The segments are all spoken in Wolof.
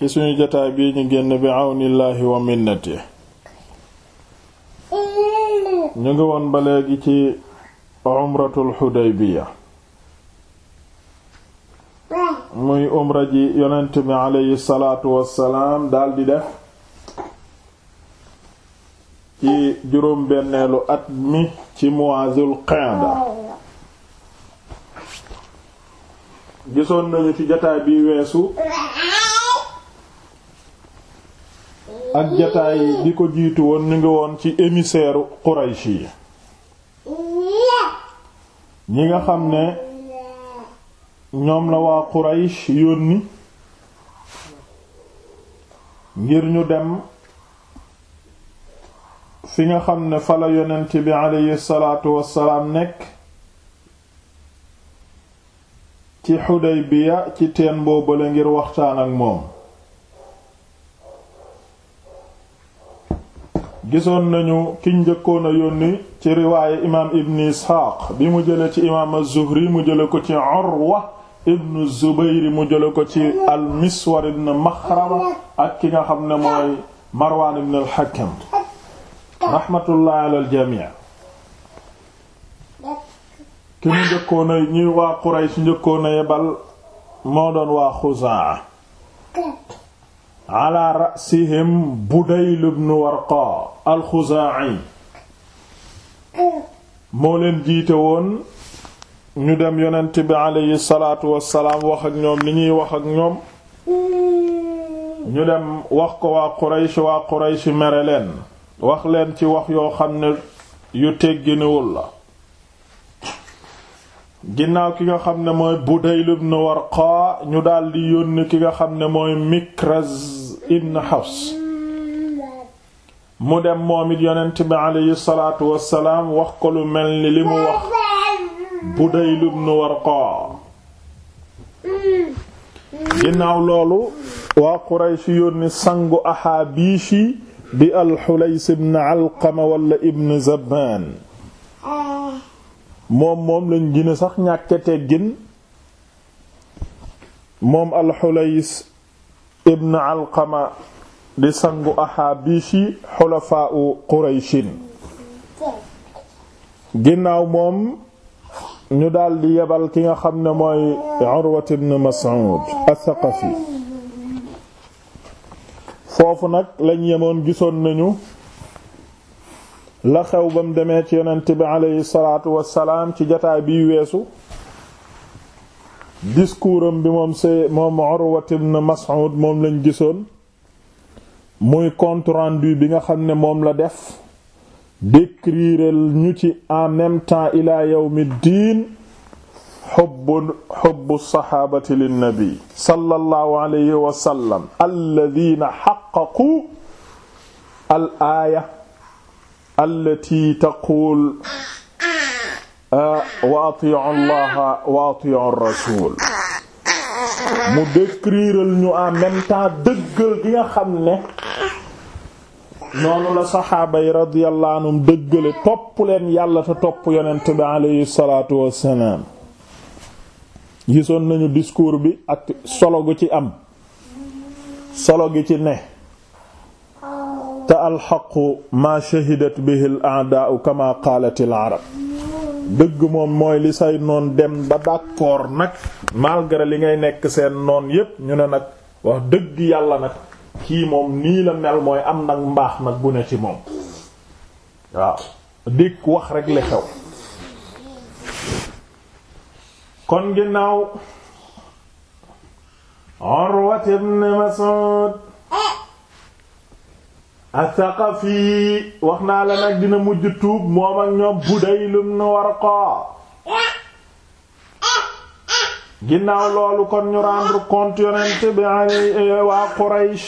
ci suñu jotaay bii ñu génn bi àwnillaahi wa minnati ñu ngi woon ba léegi ci umratul xudaybiya muy umra ji yonent bi aleyhi salaatu wassalaam daldi def ci juróom benneelu at mi ci muwaazul qaada gisoon nañu ci jotaay bi weesu ak jataay di ko jiitu woon ñu ngi woon ci émissaire Quraysh yi ñi nga xam ne ñoom la waa Quraysh yónni ngir ñu dem fi nga xam ne fa la yonent bi aleyhi salaatu wassalaam nekk ci Xudaybiya ci teen boobale ngir waxtaan ak moom gisoon nañu kiñ njëkkoon a yónni ci riwaaye imaam ibn isxaaq bi mu jëlee ci imaam az mu jële ko ci urwa ibn zubayr mu jële ko ci al-miswar ibn maxrama ak ki nga xam ne mooy marwaan ibn al-hakam rahmatullahi ala jamii ki mu njëkkoon ñuy waa quraysh njëkkoon yebal moo doon waa xuzaa ala rasihim Budayl ibn Warqa al moo leen jiite woon ñu dem yonent bi aleyhi salaatu wassalaam wax ak ñoom li ñuy wax ak ñoom ñu dem wax ko waa Quraysh waa Quraysh mere leen wax leen ci wax yoo xam ne yu tegginewul la ginnaaw ki nga xam ne mooy Budayl ibn Warqa ñu daldi yónni ki nga xam ne mooy Mikraz ibn mu dem moom it yonent bi aleyhi salaatu wassalaam wax ko lu mel ni li mu wax Budayl ibn Warqa ginnaaw loolu waa Quraysh yónni sangu Ahaabishi di al-Hulays Alqama wala ibn Zabbaan moom moom lañ gën a sax ñàkk teggin moom al ibn alqama di sangu ahaabishi xulafaau qurayshin ginnaaw moom ñu daldi yebal ki nga xam ne mooy urwat ibn mas'ud athaqafi foofu nag lañ yemoon gisoon nañu la xew bam demee ci yonent bi aleyhi salaatu wassalaam ci jataay biy weesu discours am bi moom se moom Urwa ibn Mas'ud moom lañ gisoon muy compte rendu bi nga xam ne moom la def décrire ñu ci en même temps ila yawmi diin xubbu xubbu saxaabati linnabi sallallahu alayhi wa sallam alladina xaqaqu al aaya allati taqul Uh, wa atiu allaha wa atiu rasul mu décriral ñu en même temps dëggal gi nga xam ne noonu la saxaaba yi radiyallahu dëggale topp leen yàlla te topp yonent bi alayhi salaatu wassalaam gisoon nañu discours bi ak solo gu ci am solo gi ci ne te alxaqu ma shahidat bihi al a'daa'u kama qaalat al dëgg moom mooy li say noon dem ba d'accord nag malgré li ngay nekk seen noon yépp ñu ne nag wax dëgg yàlla nag kii moom nii la mel mooy am nag mbaax nag bu ci moom waaw dikk wax rek li xew kon ginnaaw Urwat ibn Mas'ud Asaqafi wax naa la nag dina mujj tuub moom ak ñoom Budayl ibn Warqa ginnaaw loolu kon ñu rendre compte yonent bi ay eh, waa Quraysh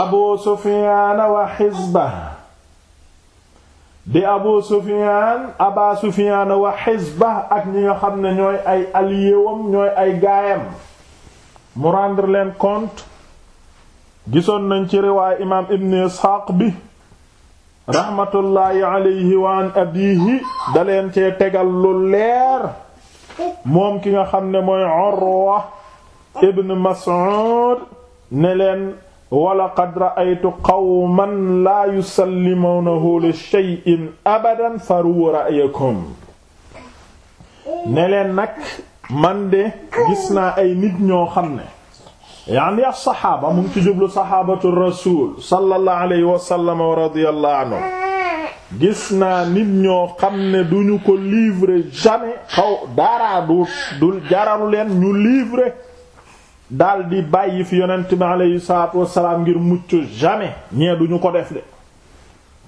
Abu Sufyaan wa xisba di Abu Sufyaan Aba Sufyaan wa xisba ak ñi nga xam ne ñooy ay alliés wam ñooy ay gaayam mu rendre leen compte gisoon nañ ci riwaay imaam ibn isxaaq bi raxmatullaahi alayhi wa an abiihi daleen cee tegal lu leer moom ki nga xam ne mooy Urwa ibn Mas'ud ne leen walaqad ra'aytu qawman laa yusallimuunahu li shay'in abadan faru ra'yakum ne leen nag man de gis naa ay nit ñoo xam ne yaani yax saxaaba mu ngi ci jublu saxaabatu rasuul sallallahu alayhi wa radiyallahu anhu gis naa nit ñoo xam ne duñu ko livrer jamais xaw daaraa du du leen ñu livrer daldi bàyyi fi yonent bi alayhi salaatu wassalaam ngir mucc jamais ñee duñu ko def de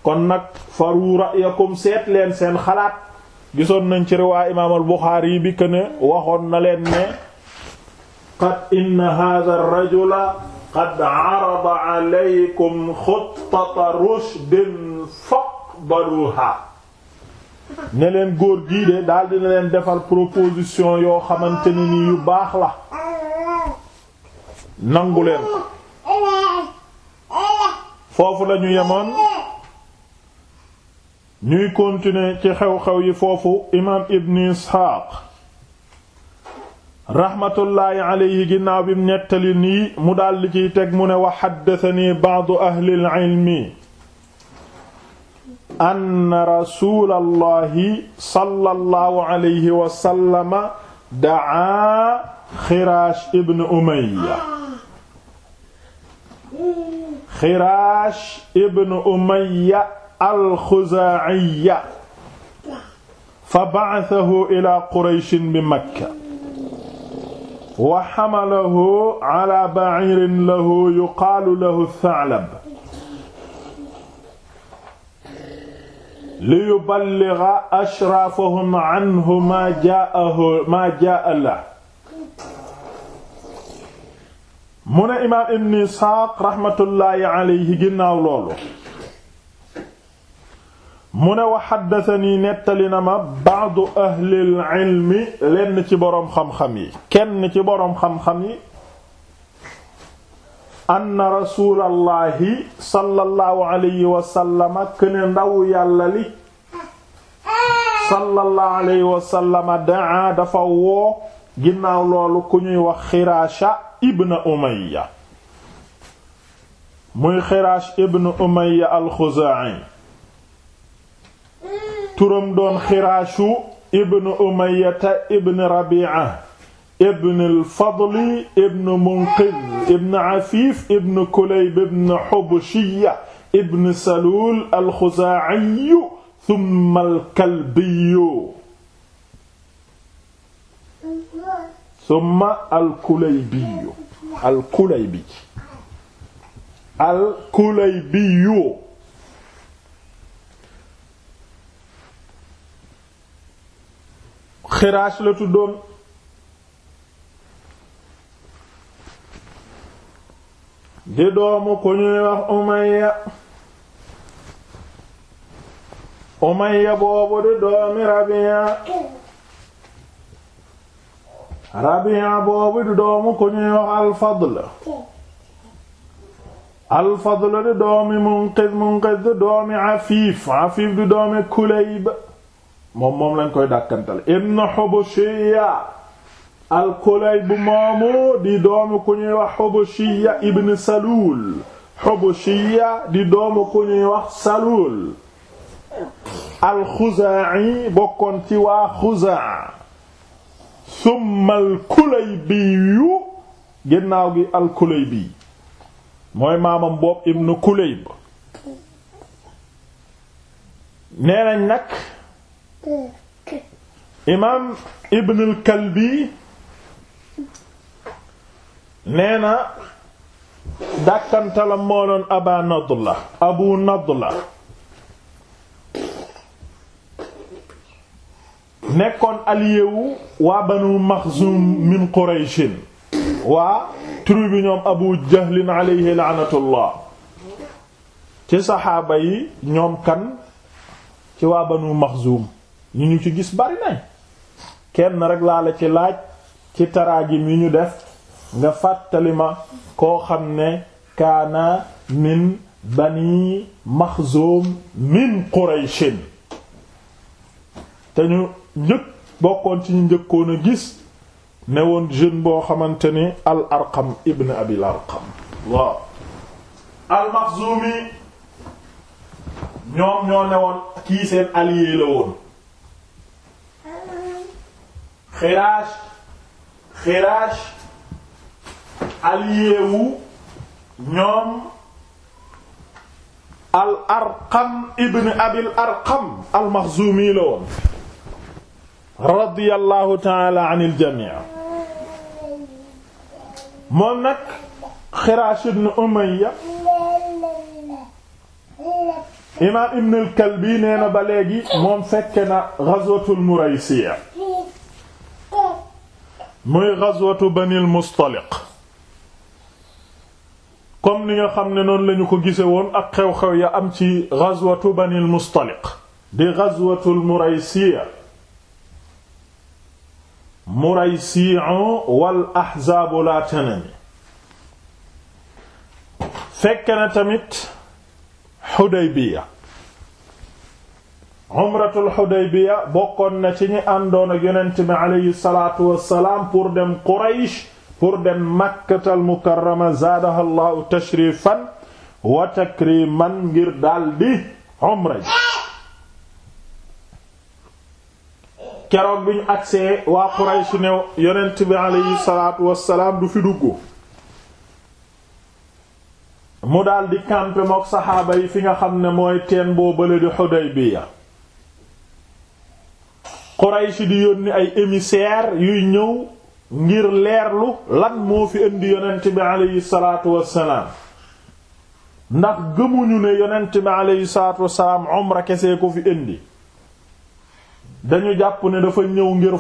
kon nag faru ra'yakum seet leen seen xalaat gisoon nañ ci riwaa imaam al Buxaari yi bi ne waxoon na leen ne qad inna hadha ar-rajula qad arada alaykum xuttata leen góor gii de daal leen defal proposition yoo xamante yu baax la nangu leen ko foofu lañu yemoon ñuy continuer ci xew-xew yi foofu imaam ibn Isxaaq raxmatullaahi alayhi ginnaaw bi nettali nii mu daldi ciy teg mu ne wa xaddasani baadu ahlil ilmi anna rasuulallahi sallallahu alayhi wa sallama da'aa xiraash ibn umayya xiraash ibn umayya alxuzaa'iya fa ba'athahu ilaa qurayshin bi makka wa hamalahu ala ba'irin lahu yuqaalu lahu tha'lab li yuballigha ashrafahum anhu ma jaahu ma jaa la mu ne imaam ibn Isxaaq rahmatullahi alayhi ginnaaw loolu mu ne wa xaddatani nettali na ma baadu ahlil ilmi lenn ci boroom xam-xam yi kenn ci boroom xam-xam yi anna rasuulallahi sallallahu alayhi wa sallama këne ndaw yàlla li sallallahu alayhi wa sallama daa dafa woo ginnaaw loolu ku ñuy wax xiraasha ibn umayya muy xiraash ibn umayya al-xuzaa'i turam doon xiraashu ibn umayata ibn rabi'a ibn al-fadli ibn munqidh ibn afif ibn kulayb ibn hubshiya ibn salul al-khuzaa'i thumma al-kalbi thumma al-kulaybi al-kulaybi al-kulaybi xiraas la tuddoon di doomu ku ñuy wax boobu di doomi Rabi'a Rabi'a boobu di doomu ku ñuy Al-Fadl Al-Fadl di doomi Munqidh Munqidh di doomi Afif Afif di doomi Kulayb moom moom lañ koy dàkkantal ibn Hubashiya al bu moomu di doomu ku ñuy wax Hubashiya ibn Salul Hubashiya di doomu ku ñuy wax Salul al bokkoon ci waa Khuzaa summa al-Kulaybiyu ginnaaw gi al-Kulaybi mooy maamam boobu ibn Kulayb nee nañ nag imaam Ibnul Kalbi nee na dàkkantalam moo Abu Nadla nekkoon allié wu waa Banu Maxzum min Qurayshin waa tribu ñoom Abu Jahlin alayhi la'natullah ci saxaaba yi ñoom kan ci waa Banu Maxzum ñu ñu ci gis bari nañ kenn rek laa la ci laaj ci taraajim yi ñu def nga fàttali ma koo xam ne kaana min bani maxzoom min qurayshin te ñu njëkk bokkoon ci njëkkoon a gis ne woon jeune boo xamante ni al arqam ibn abil arqam waaw al maxzoomi ñoom ñoo ne woon kii seen allié la woon xiraaj xiraaj aliyewu ñoom al arqam ibn abil arqam al maxzumi la woon radiyallahu taala anil jamii moom nag xiraaj ibn umayya imaam ibn al kalbi nee na ba léegi moom fekke na ghazwatul muraysiya muy gazwatu banil mustaliq comme ni nga xam ne noonu lañu ko gise woon ak xew-xew ya am ci gazwatu banil mustaliq di gazwatul muraysiya muraysi'u wal ahzaabu la tanami fekk na tamit xudaybiya umratul Hudaybiya bokkoon na ci ñi àndoon ak yonent bi aleyhi salaatu wassalaam pour dem Quraysh pour dem Makkatal Mukarrama zaadaha llahu tashrifan wa takriman ngir dal umra ji keroog bi ñu agsee waa Quraysh ne yonent bi aleyhi wassalaam du fi duggu mu daldi campé mook saxaaba yi fi nga xam ne mooy teen boo bële di Quraysh di yónni ay émissaires yuy ñëw ngir leerlu lan moo fi indi yonent bi aleyhi salaatu wassalaam ndax gëmuñu ne yonent bi aleyhi salaatu wassalaam umra kese ko fi indi dañu jàpp ne dafa ñëw ngir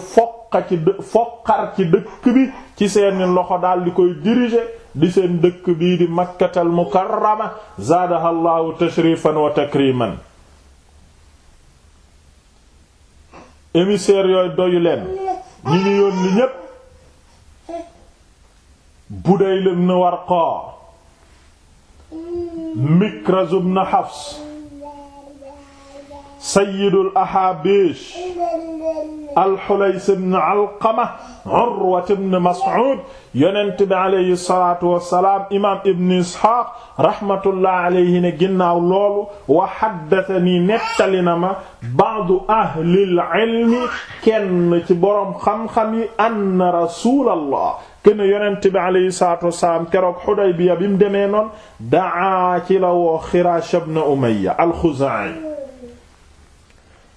ci dë foqar ci dëkk bi ci seeni loxo daal koy diriger di seen dëkk bii di makkatal mukarrama zaadaha allahu tashrifan wa takriman émissaires yooyu doyu leen ñi ñu yónni ñépp Budayl ibn Warqa Mikraz na Hafs sayyidul ahaabish al-Hulays ibn Alqama Urwa ibn Mas'ud yonent bi alayhi salaatu wa salaam imaam ibn Isxaaq rahmatullahi alayhi ne ginnaaw loolu wa haddathanii nettali na ma ba'du ahlil ilmi kenn ci boroom xam-xam yi anna rasuulallah kenn yonent bi alayhi salaatu wasalaam keroog Xudaybiya bi mu demee noon daa ci la woo Xiraash ibn Umayya al-Xuzaa'i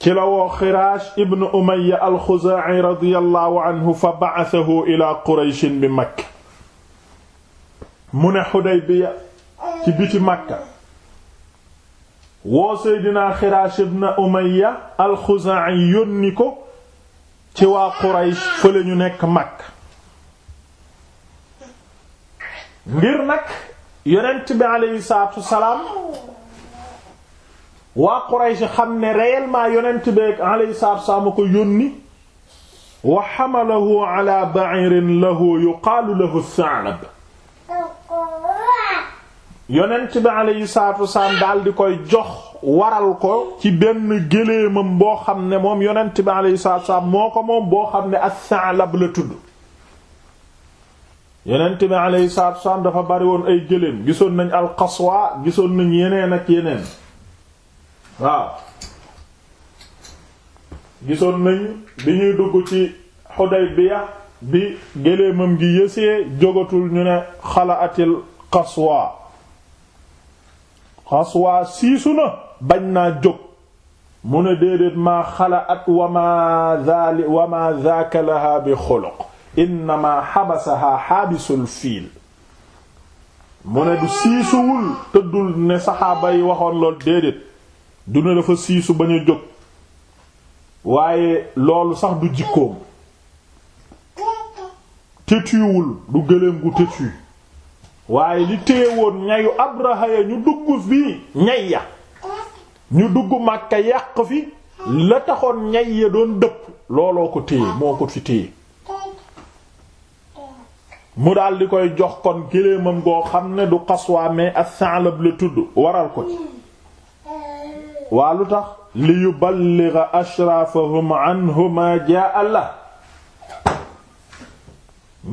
ci la woo xiraash ibn umaya alxuzaa'i radiyallahu anhu fa ba'athahu ila qurayshin bi makka mu ne xudaybiya ci biti makka woo seydinaa xiraash ibn umaya alxuzaa'i yónni ko ci waa quraysh fële ñu nekk makka ngir nag yonent bi aleyhi salaatu salaam waa Quraysh xam ne réellement yonent beeg alayhi salaatu wassalaam ko yónni wa hamalahu ala ba'irin lahu yuqaalu lahu Sa'lab yonent bi alayhi salaatu wassalaam daal di koy jox waral ko ci benn géléemam boo xam ne moom yonent bi alayhi moo ko moom boo xam ne as-Sa'lab la tudd yonent bi alayhi dafa bari woon ay géléem gisoon nañ al-Qaswa gisoon nañ yeneen ak yeneen waaw gisoon nañ bi ñuy dugg ci Hudaybiya bi géléemam gi yësee jogatul ñu ne xalaatil Qaswa Qaswa siisu na bañ na jóg mu ne déedéet maa xalaat wa maa zaali wa maa zaaka laha bi xuluq innamaa xabasahaa xaabisul fiil mu ne du siisuwul tëddul ne saxaaba yi waxoon lool déedéet du ne dafa siisu bañ a jóg waaye loolu sax du jikkoom tëtuwul du gëléem gu tëtu waaye li téyewoon ñayu Abraha ya ñu dugg fii ñay ya ñu dugg Makka yàq fi la taxoon ñay ya doon dëpp looloo ko téye moo ko fi téye mu daldi koy jox kon gëléemam goo xam ne du Qaswa mais as-Sa'lab la tudd waral ko ci waa lu tax li yuballigha ashrafahum anhu ma jaa la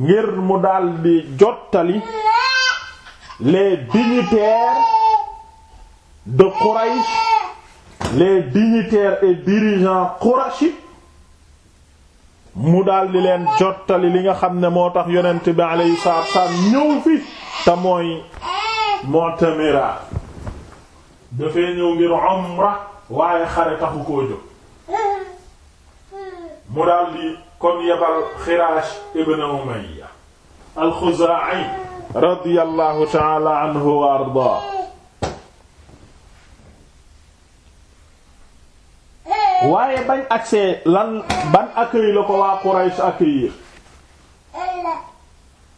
ngir mu daldi jottali les dignitaires de Quraysh les dignitaires et dirigeants qurayshi mu daldi leen jottali li nga xam ne moo tax yonent bi alayhi salaatu ñëw fi te mooy dafay ñëw ngir umra waaye xare taxu koo jóg mu daldi kon yebal Xiraash ibn Umayya al-Xuzaa'i radiyallahu ta'ala anhu wa ardaa waaye bañ agsee lan ban accueil la ko waa Quraysh accueillir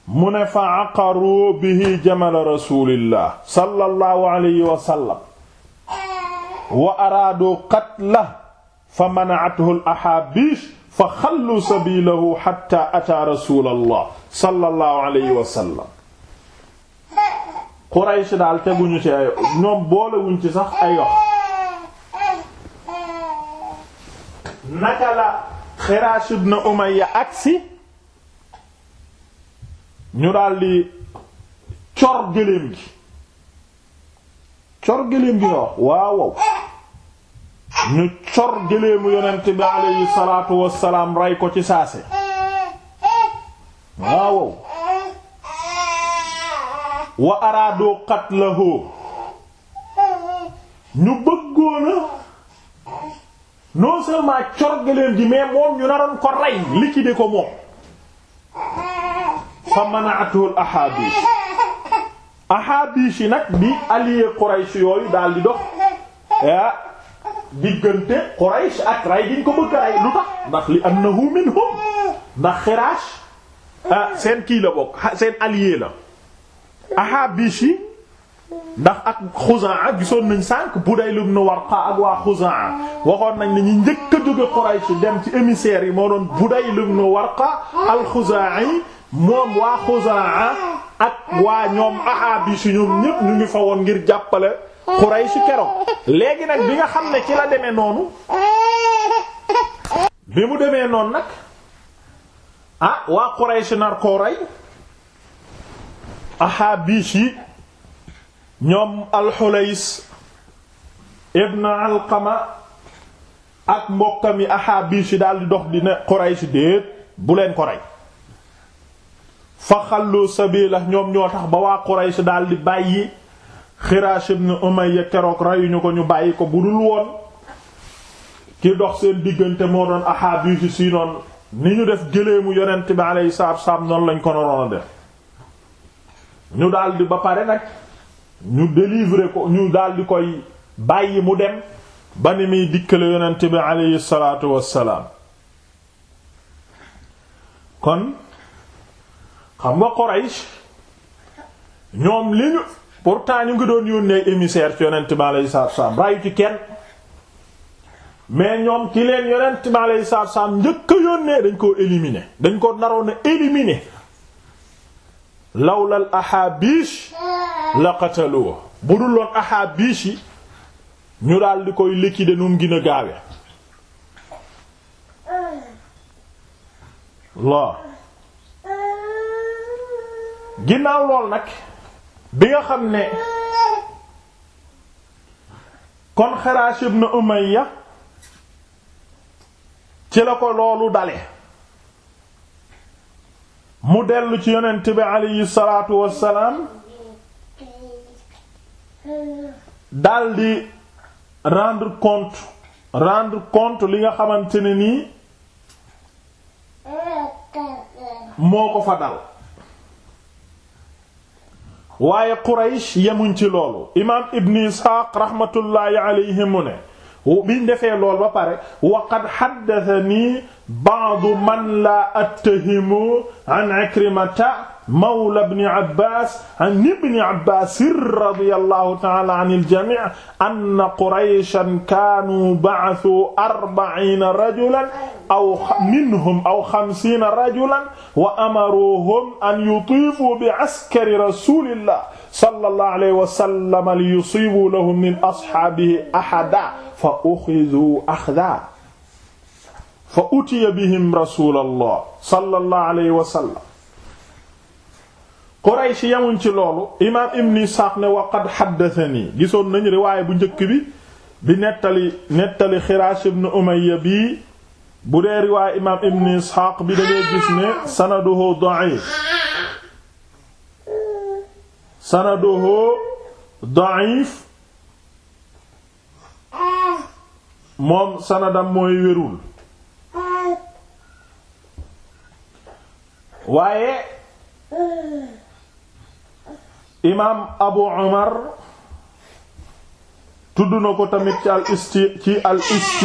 mu ne fa aqaru bihi jamal rasulillah sallallahu alayhi wa sallam wa araadu qatlahu fa mana'athu al-ahaabish fa xallu sabiilahu hatta ataa rasuulallah sallallahu alayhi wa sallam. Quraysh daal teguñu ci ay ñoom boolewuñ ci sax ay yox naka la Xiraash ibn Umayya agsi ñu daldi cor gëléem gi cor gëléem gi nga wax waaw ñu cor gëléemu yonent bi aleyhi salaatu wassalaam rey ko ci saase waaw wa araadoo qatlahu ñu bëggoona non seulement cor gëléem gi mais moom ñu naroon ko rey liquider ko moom fa mana'atul ahadith ahaabish yi nag di allié Quraysh yooyu daal di dox ah diggante Quraysh ak ray diñ ko bëgg a ray lu tax ndax li annahu minhum ndax xiraash ah seen kii la bokk seen allié la ahaabish yi ndax ak Xuzaa gisoon nañ sànq Budayl ibn Warqa ak waa Xuzaa waxoon nañ ne ñu njëkk a jóge Quraysh dem ci émissaires yi moo doon Budayl ibn Warqa al yi moom waa Xuzaa ak waa ñoom Ahaabisu ñoom ñépp ñu ngi fa woon ngir jàppale Quraysh keroog léegi nag bi nga xam ne ci la demee noonu bi mu demee noonu nag ah waa Quraysh nar koo rey Ahaabis yi ñoom Al-Hulays ibn Alqama ak mbokkam yi Ahaabis yi daal di dox di ne Quraysh déet bu leen ko rey fa xallu sabila ñoom ñoo tax ba waa Quraysh daal daldi bàyyi Xiraash ibn Umayya keroog reyuñu ko ñu bàyyi ko bu dul woon ki dox seen diggante moo doon ahaabiisu si noonu ni ñu def gëléemu yonent bi alayhi salaatu wassalaam noonu lañ ko naroon a def ñu daldi ba pare nag ñu délivrer ko ñu daldi koy bàyyi mu dem ba ni muy dikkale yonent bi alayhi salaatu wassalaam kon xam nga Quraysh ñoom li ñu pourtant ñu ngi doon yónnee émissaire ci yonent bi alayhi salaatu wassalaam bàyyi ci kenn mais ñoom ki leen yonent bi alayhi salaatu njëkk a yónnee dañ koo éliminer dañ ko naroon na éliminer lawla al ahaabish la qataluhu bu dul woon ahaabish yi ñu daal di koy liquider nu mu gën a ginnaaw lool nag bi nga xam ne kon Xaraas ibn ya ci la ko loolu dale mu dellu ci yonent bi aleyhi salaatu wassalaam daldi rendre compte rendre compte li nga xamante ne nii moo ko fa dal waaye Quraysh yemuñ ci loolu imaam Ibn Isxaaq rahmatullahi alayhi mu ne biñ defee lool ba pare wa qad haddathanii ba'du man laa attahimu an Ikrimata mawla ibn Abbas an ibn Abbas radiyallahu ta'ala anil jami' anna Qurayshan kaanu ba'athu arba'iina rajulan aw minhum aw xamsiina rajulan wa amaruuhum an yutiifu bi askari rasulillah sallallahu alayhi wa sallam liyusiibu lahum min ashaabihi ahadan fa ukhidhu akhdan fa utiya bihim rasulallah sallallahu alayhi wa sallam Quraysh yamuñ ci loolu imaam Ibn Isxaaq ne waqad xaddatani gisoon nañ riwaay bu njëkk bi bi nettali nettali Xiraash ibn Umayya bii bu dee riwaay imaam Ibn Isxaaq bi dañuy gis ne sanaduhu da'if sanaduhu da'if moom sanadam mooy wérul waaye imaam abu umar tudd na ko tamit ci al isti ci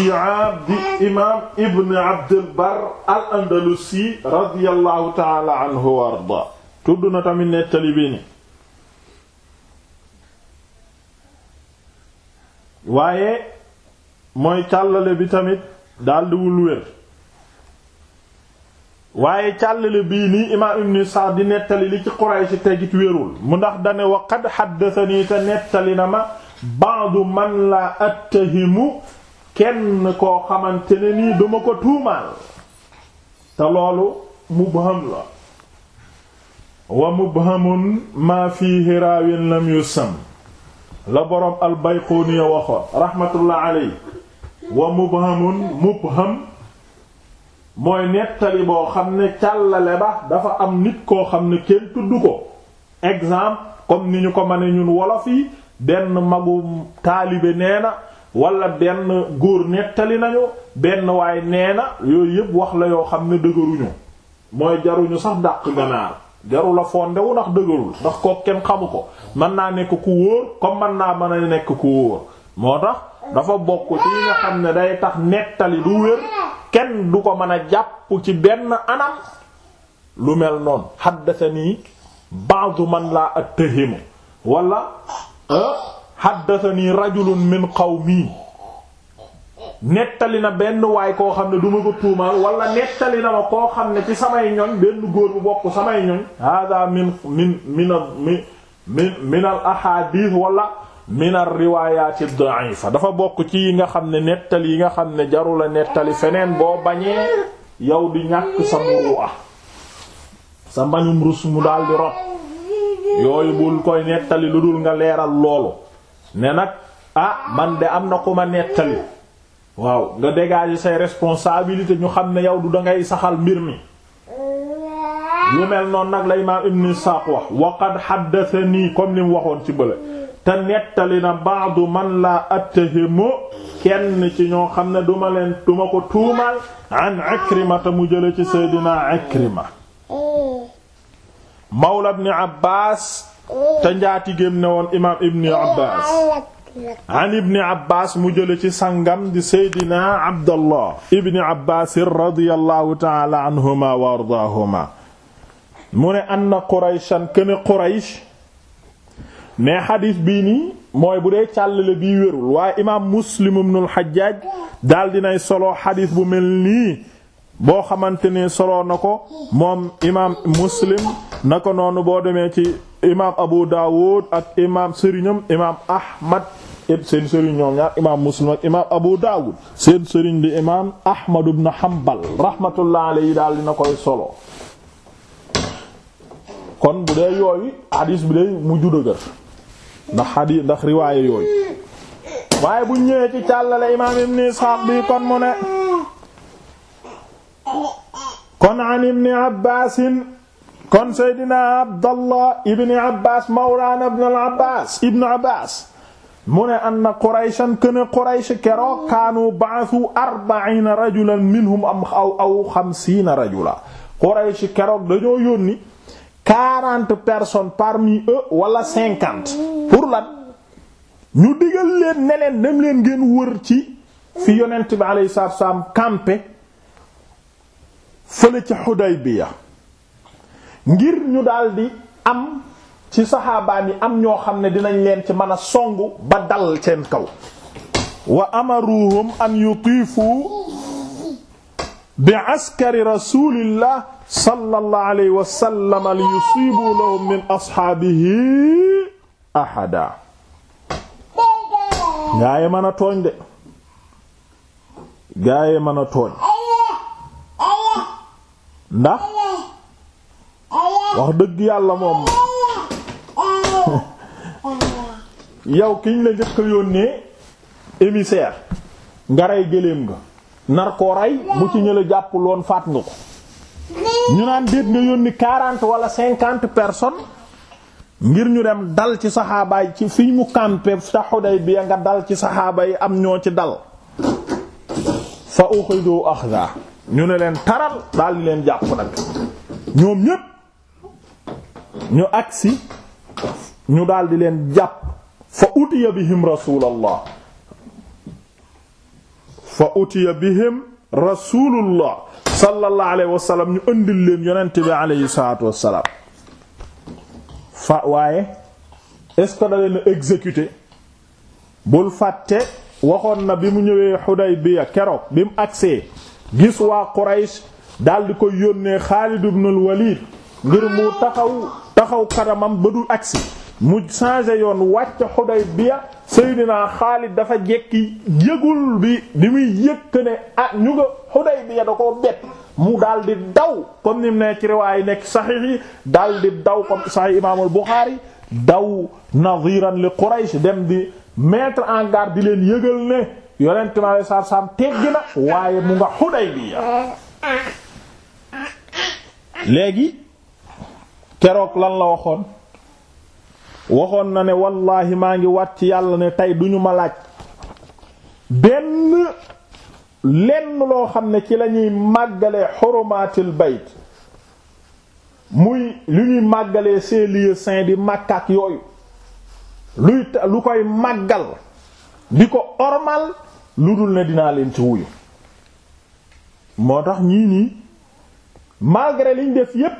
al bi imaam ibn abdul bar al andalusi radiyallahu taala anhu wa arda tudd tamit nettali bi waaye mooy càllale bi tamit daldi wul wér waaye càllale bii nii imaam ibn Sa'd di nettali li ci Quraysh tegit wérul mu ndax dane wa qad haddathani nettali na ma ba'du man la attahimu kenn koo xamante ne nii duma ko tuumaal te loolu mubham la wa mubhamun maa fiihi raawin lam yusam la boroom al Bayquni waxoon rahmatullah alayhi wa mubhamun mubham mooy nettali boo xam ne càllale ba dafa am nit koo xam ne kenn tudd ko exemple comme ni ñu ko mëne ñun wolof yi benn magu taalibe nee na walla benn góor nettali nañu benn waay nee na yooyu yépp wax la yoo xam ne dëgëruñu mooy jaruñu sax dàq ganaar jaru la fondewu ndax dëgërul ndax ko kenn xamu ko mën naa nekk ku wóor comme mën naa mën a nekk ku wóor moo tax dafa bokk ci li nga xam ne day tax nettali du wér kenn du ko mën a jàpp ci benn anam lu mel noonu xaddasanii ba'du man laa attahimu wala xaddasanii rajulun min xaw qawmi nettali na benn waay koo xam ne duma ma ko tuumaal wala nettali na ma koo xam ne ci samay ñoñ benn góor bu bokk samay ñoñ hada min min min min min minar riwaayaati fa dafa bokk ci yi nga xam ne nettali yi nga xam ne jarula nettali feneen boo bañee yow di ñàkk sa muru ah sa mbañum rus mu daal di rot yooyu bul koy nettali lu dul nga leeral loolu ne nag ah man de am na ko ma nettali waaw nga dégager say responsabilité ñu xam ne yow du dangay saxal mbir mi lu mel noonu nag lay ma ibn Isaaq wax wa qad haddathani comme ni waxoon ci bële te nettali na baadu man laa attahimu kenn ci ñoo xam ne duma leen duma ko tuumal an Ikrima te mu jële ci Seydina Ikrima mawla ibn Abbaas te njaatigéem ne woon imaam ibn Abbaas Abbaas mu jële ci sangam di Seydina Abdallah ibn Abbaas radiyallahu ta'ala anhuma wa ardaahuma mu ne anna Qurayshan kana Quraysh mais xadiis bii nii mooy bu dee càllale bii wérul waaye imaam muslim ibnul xajaaj daal dinay solo xadiis bu mel nii boo xamante ne solo na ko moom imaam muslim na ko noonu boo demee ci imaam abu daawud ak imaam sëriñam imaam ahmad seen sëriñ ñoom ñaar imaam muslim ak imaam abu daawud seen sëriñ di imaam ahmad ibn hanbal rahmatullah alayhi daal dina koy solo kon bu dee yooyu hadis bi day mujju dëgër ndax xadiis ndax riwaaye yooyu waaye bu ñëwee ci càllale imaam ibn Isxaaq bi kon mu ne kon an ibni abbasin kon seydina abdallah ibni abbas mawlaana ibn al mu ne anna qurayshan kana quraysh keroo kaanu ba'athu arba'iina rajulan minhum am aw rajula quraysh keroog dañoo yónni quarante personnes parmi eux wala cinquante pour lan ñu digal leen ne dem leen ngeen wër ci fi yonent bi alayhi salaatu salaam campé fële ci Hudaybiya ngir ñu daldi am ci saxaabaan yi am ñoo xam ne dinañ leen ci mën song songu ba dal seen kaw wa amaruhum an yutiifu bi askari rasulillah sallallahu alayhi wa sallam li min asxaabihi ahada gaaye mën a tooñ de gaaye mën a tooñ ndax wax dëgg yàlla moom yow kiñ la njëkk a yónnee émissaire nga rey gëléem nga nar koo rey bu ci ñëla jàpp loon faat nga ko ñu naan déet nga yónni wala cinquante personnes ngir ñu dem dal ci saxaaba yi ci fi mu campé ta Hudaybiya nga dal ci saxaaba yi am ñoo ci dal fa uxidu ñu ne leen taral daal leen jàpp nag ñoom ñu agsi ñu daal leen jàpp fa utiya bihim rasulullah fa utiya bihim rasulullah sallallahu alayhi wasallam ñu indil leen yonent bi alayhi salaatu wassalaam fa waaye est-ce que da exécuté bul fàtte waxoon na bi mu ñëwee Xudaybiya keroog bi mu agsee gis waa Quraysh daldi ko yónnee Xaalid ibnul Waliid ngir mu taxaw taxaw kanamam ba dul agsi mu changé yoon wàcc Xudaybiya Seydina Xaalid dafa jekki yëgul bi di muy yëkk ne ah, ñu nga Hudaybiya da koo bett mu daal daw comme ni ne ci riwaay nekk saxiix yi daw comme saxiix Imaamul Buxaari daw nadiran li Quraysh dem di mettre en garde di leen yëgal ne yonent mi alayhi salaatu waaye mu nga Hudaybiya léegi keroog lan la waxoon. waxoon na ne wallaahi maa ngi wat ci yàlla ne tey duñu ma laaj benn lenn loo xam ne ci lañuy màggale xoromaatil bayt muy lu ñuy màggalee ces lieux saints di Makka yooyu luy lu koy màggal di ko ormal lu dul ne dinaa leen ci wuyu moo tax ñii nii malgré liñ def yépp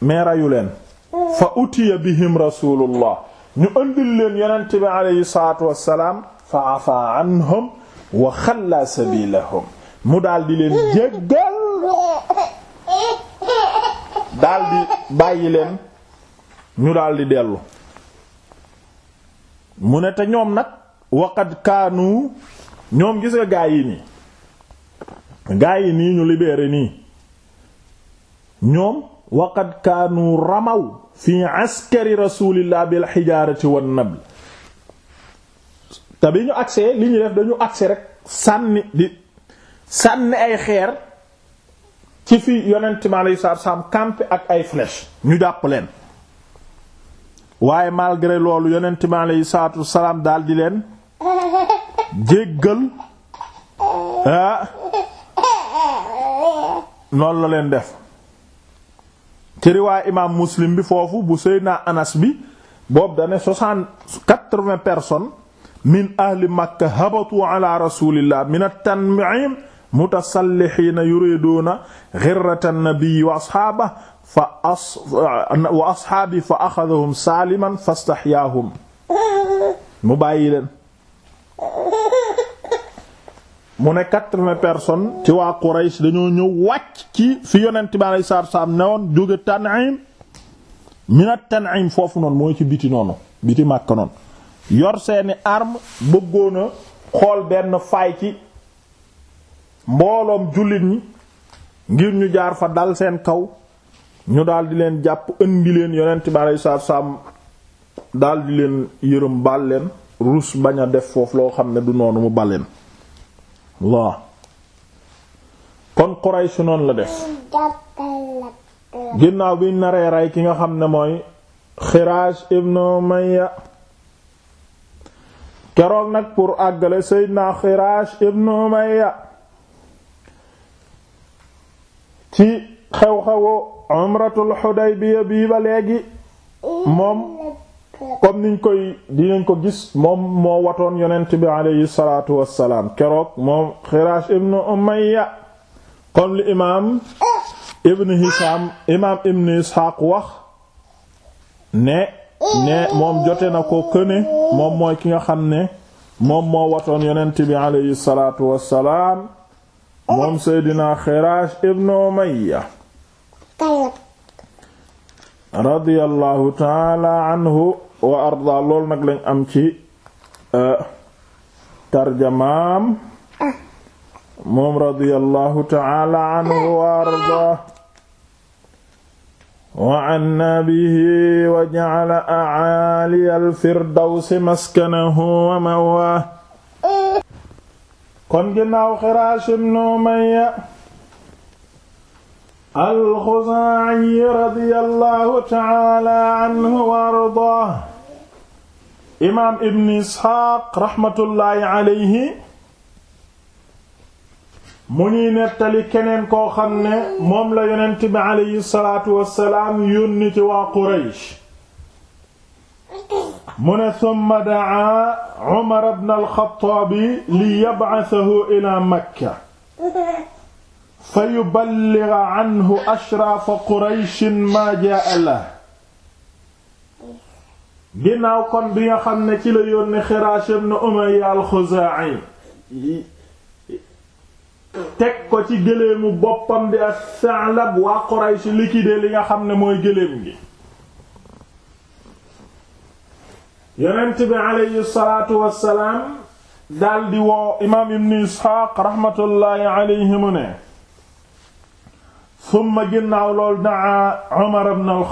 mais rayu leen fa utiya bihim rasulullah ñu andil leen yonent bi aleyhi salaatu wassalaam fa afa anhum wa xalla sabilahum mu daal leen jéggal daal bàyyi leen ñu daldi dellu mu ne te ñoom nag waqad kaanu ñoom gis gaa yi nii gaa yi nii ñu libéré nii ñoom waqad kaanu ramaw fi askari rasulillah bil xijaarati wan nabl te bi ñu agsee li ñu def dañu agse rek sànni di sànni ay xeer ci fi yonent mi alayhi salaatu ak ay flèche ñu jàpp leen waaye malgré loolu yonent mi alayhi salaatu salaam daal di leen jéggal ah noonu la leen def ci riwaay imaam muslim bi foofu bu Seydina Anas bi boobu dane soixante quatre-vingts personnes min ahli makka habatu ala rasulillah min at-tan'im mutasallihiina yuriduuna ghirrata an-nabiyyi wa ashaabihi fa as wa ashaabihi fa akhadhahum saaliman fastahyahum mu bàyyi leen mu ne quatre-vingts personnes ci waa Quraysh dañoo ñëw wàcc ci fi yonent bi alayhi salaatu salaam ne woon jóge Tan'im mina Tan'im foofu noonu mooy ci biti noonu biti Makka noonu yor seeni arm bëggoon a xool benn faay ci mbooloom jullit ñi ngir ñu jaar fa dal seen kaw ñu daal di leen jàpp ëndi leen yonent bi alayhi salaatu salaam daal di leen yërëm baal leen rus bañ a def foofu loo xam ne du noonu mu baleen laa kon Quraysh noon la def ginnaaw bi naree rey ki nga xam ne mooy Xiraaj ibn Umayya keroog nag pour àggale Seydina Xiraaj ibn Umayya ci xew-xewu umratul Hudaybiya bii ba léegi moom comme niñ koy dinañ ko gis moom moo watoon yonent bi aleyhi salaatu wassalaam keroog moom Xiraas ibnu Umayya comme li imaam ibnu Hisaam imaam ibnu Isxaaq wax ne ne moom jote na ko këne moom mooy ki nga xam ne moom moo watoon yonent bi aleyhi salaatu wassalaam moom Seydina Xiraas ibnu Umayya radiyallahu ta'ala anhu wa arda lool nag lañ am ci euh, tarjamaam moom radiyallahu ta'ala anhu wa arda wa anna bihi wa ja'ala a'ali al-firdawsi maskanahu wa mawaa kon ginnaaw Xiraash ibn Umayya al-Xuzaa'i radiyallahu ta'ala anhu wa arda imaam ibn isxaaq raxmatullaahi aleyhi mu ñuy nettali keneen koo xam ne moom la yonent bi aleyhi salaatu wassalaam yónni ci waa quraysh mu ne summa daa umar ibn alxataabi li yabcasahu ila makka fa yuballiga canhu ashraafa qurayshin maa jaa lahu ginnaaw kon bi nga xam ne ci la yónni Xiraash ibn Umayya al-Xuzaa'i teg ko ci gëléemu boppam di as-Sa'lab waa Quraysh liquidé li nga xam ne mooy gëléem gi yonent bi aleyhi salaatu wassalaam daldi woo imaam ibn Isxaaq raxmatullaahi aleyhi mu ne summa ginnaaw lool da Umar ibn al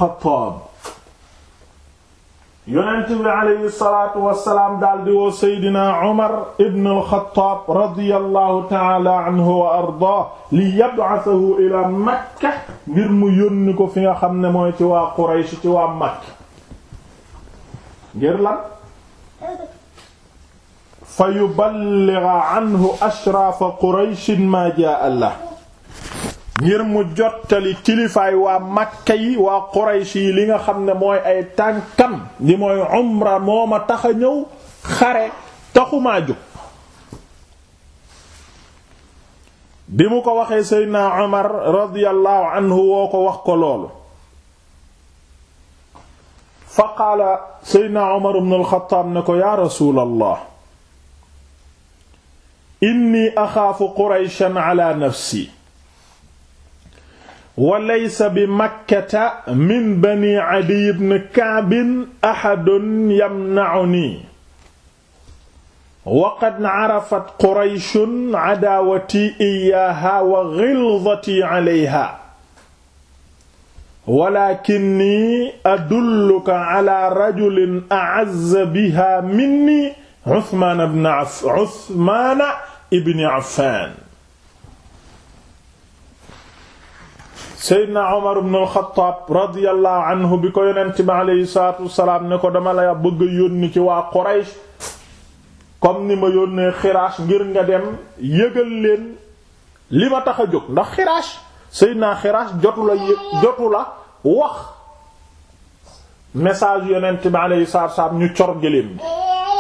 yonent bi aleyhi salaatu wassalaam daldi woo seydina Umar ibn al-Khattab radiyallahu taala anhu wa ardaa li yab'athahu ila Makka ngir mu yónni ko fi nga xam ne mooy ci waa Quraysh ci waa Makka ngir lan fa yuballigha anhu ashraafa Quraysh ma jaa'a lahu ngir mu jottali kilifaay waa Makka yi waa Quraysh li nga xam ne mooy ay tànkam li mooy umra moo ma tax a ñëw xare taxumaa jóg bi mu ko waxee Seydina Omar radiyallahu anhu woo ko wax ko loolu fa qaala Seydina Omar ibn al ne ko yaa rasuulallah inni axaafu Qurayshan ala nafsi walaysa bi makkata min bani adiy ibn kaabin ahadun yamna'uni waqad carafat qurayshun cadaawati iyaaha wa ghilzatii calayha walaakinnii adulluka calaa rajulin acazza biha minni Usmaan ibn Affaan Usmaan ibn Affaan Seydina Omar ibn al-Khattab radiyallahu anhu bi ko yonent bi aleyhi ne ko dama la bëgg a yónni ci waa Quraysh comme ni ma yónnee Xiraas ngir nga dem yëgal leen li ma tax a jóg ndax Xiraas Seydina Xiraas jotu la yë jotu la wax message yeneen bi aleyhi salaatu ñu cor gëléem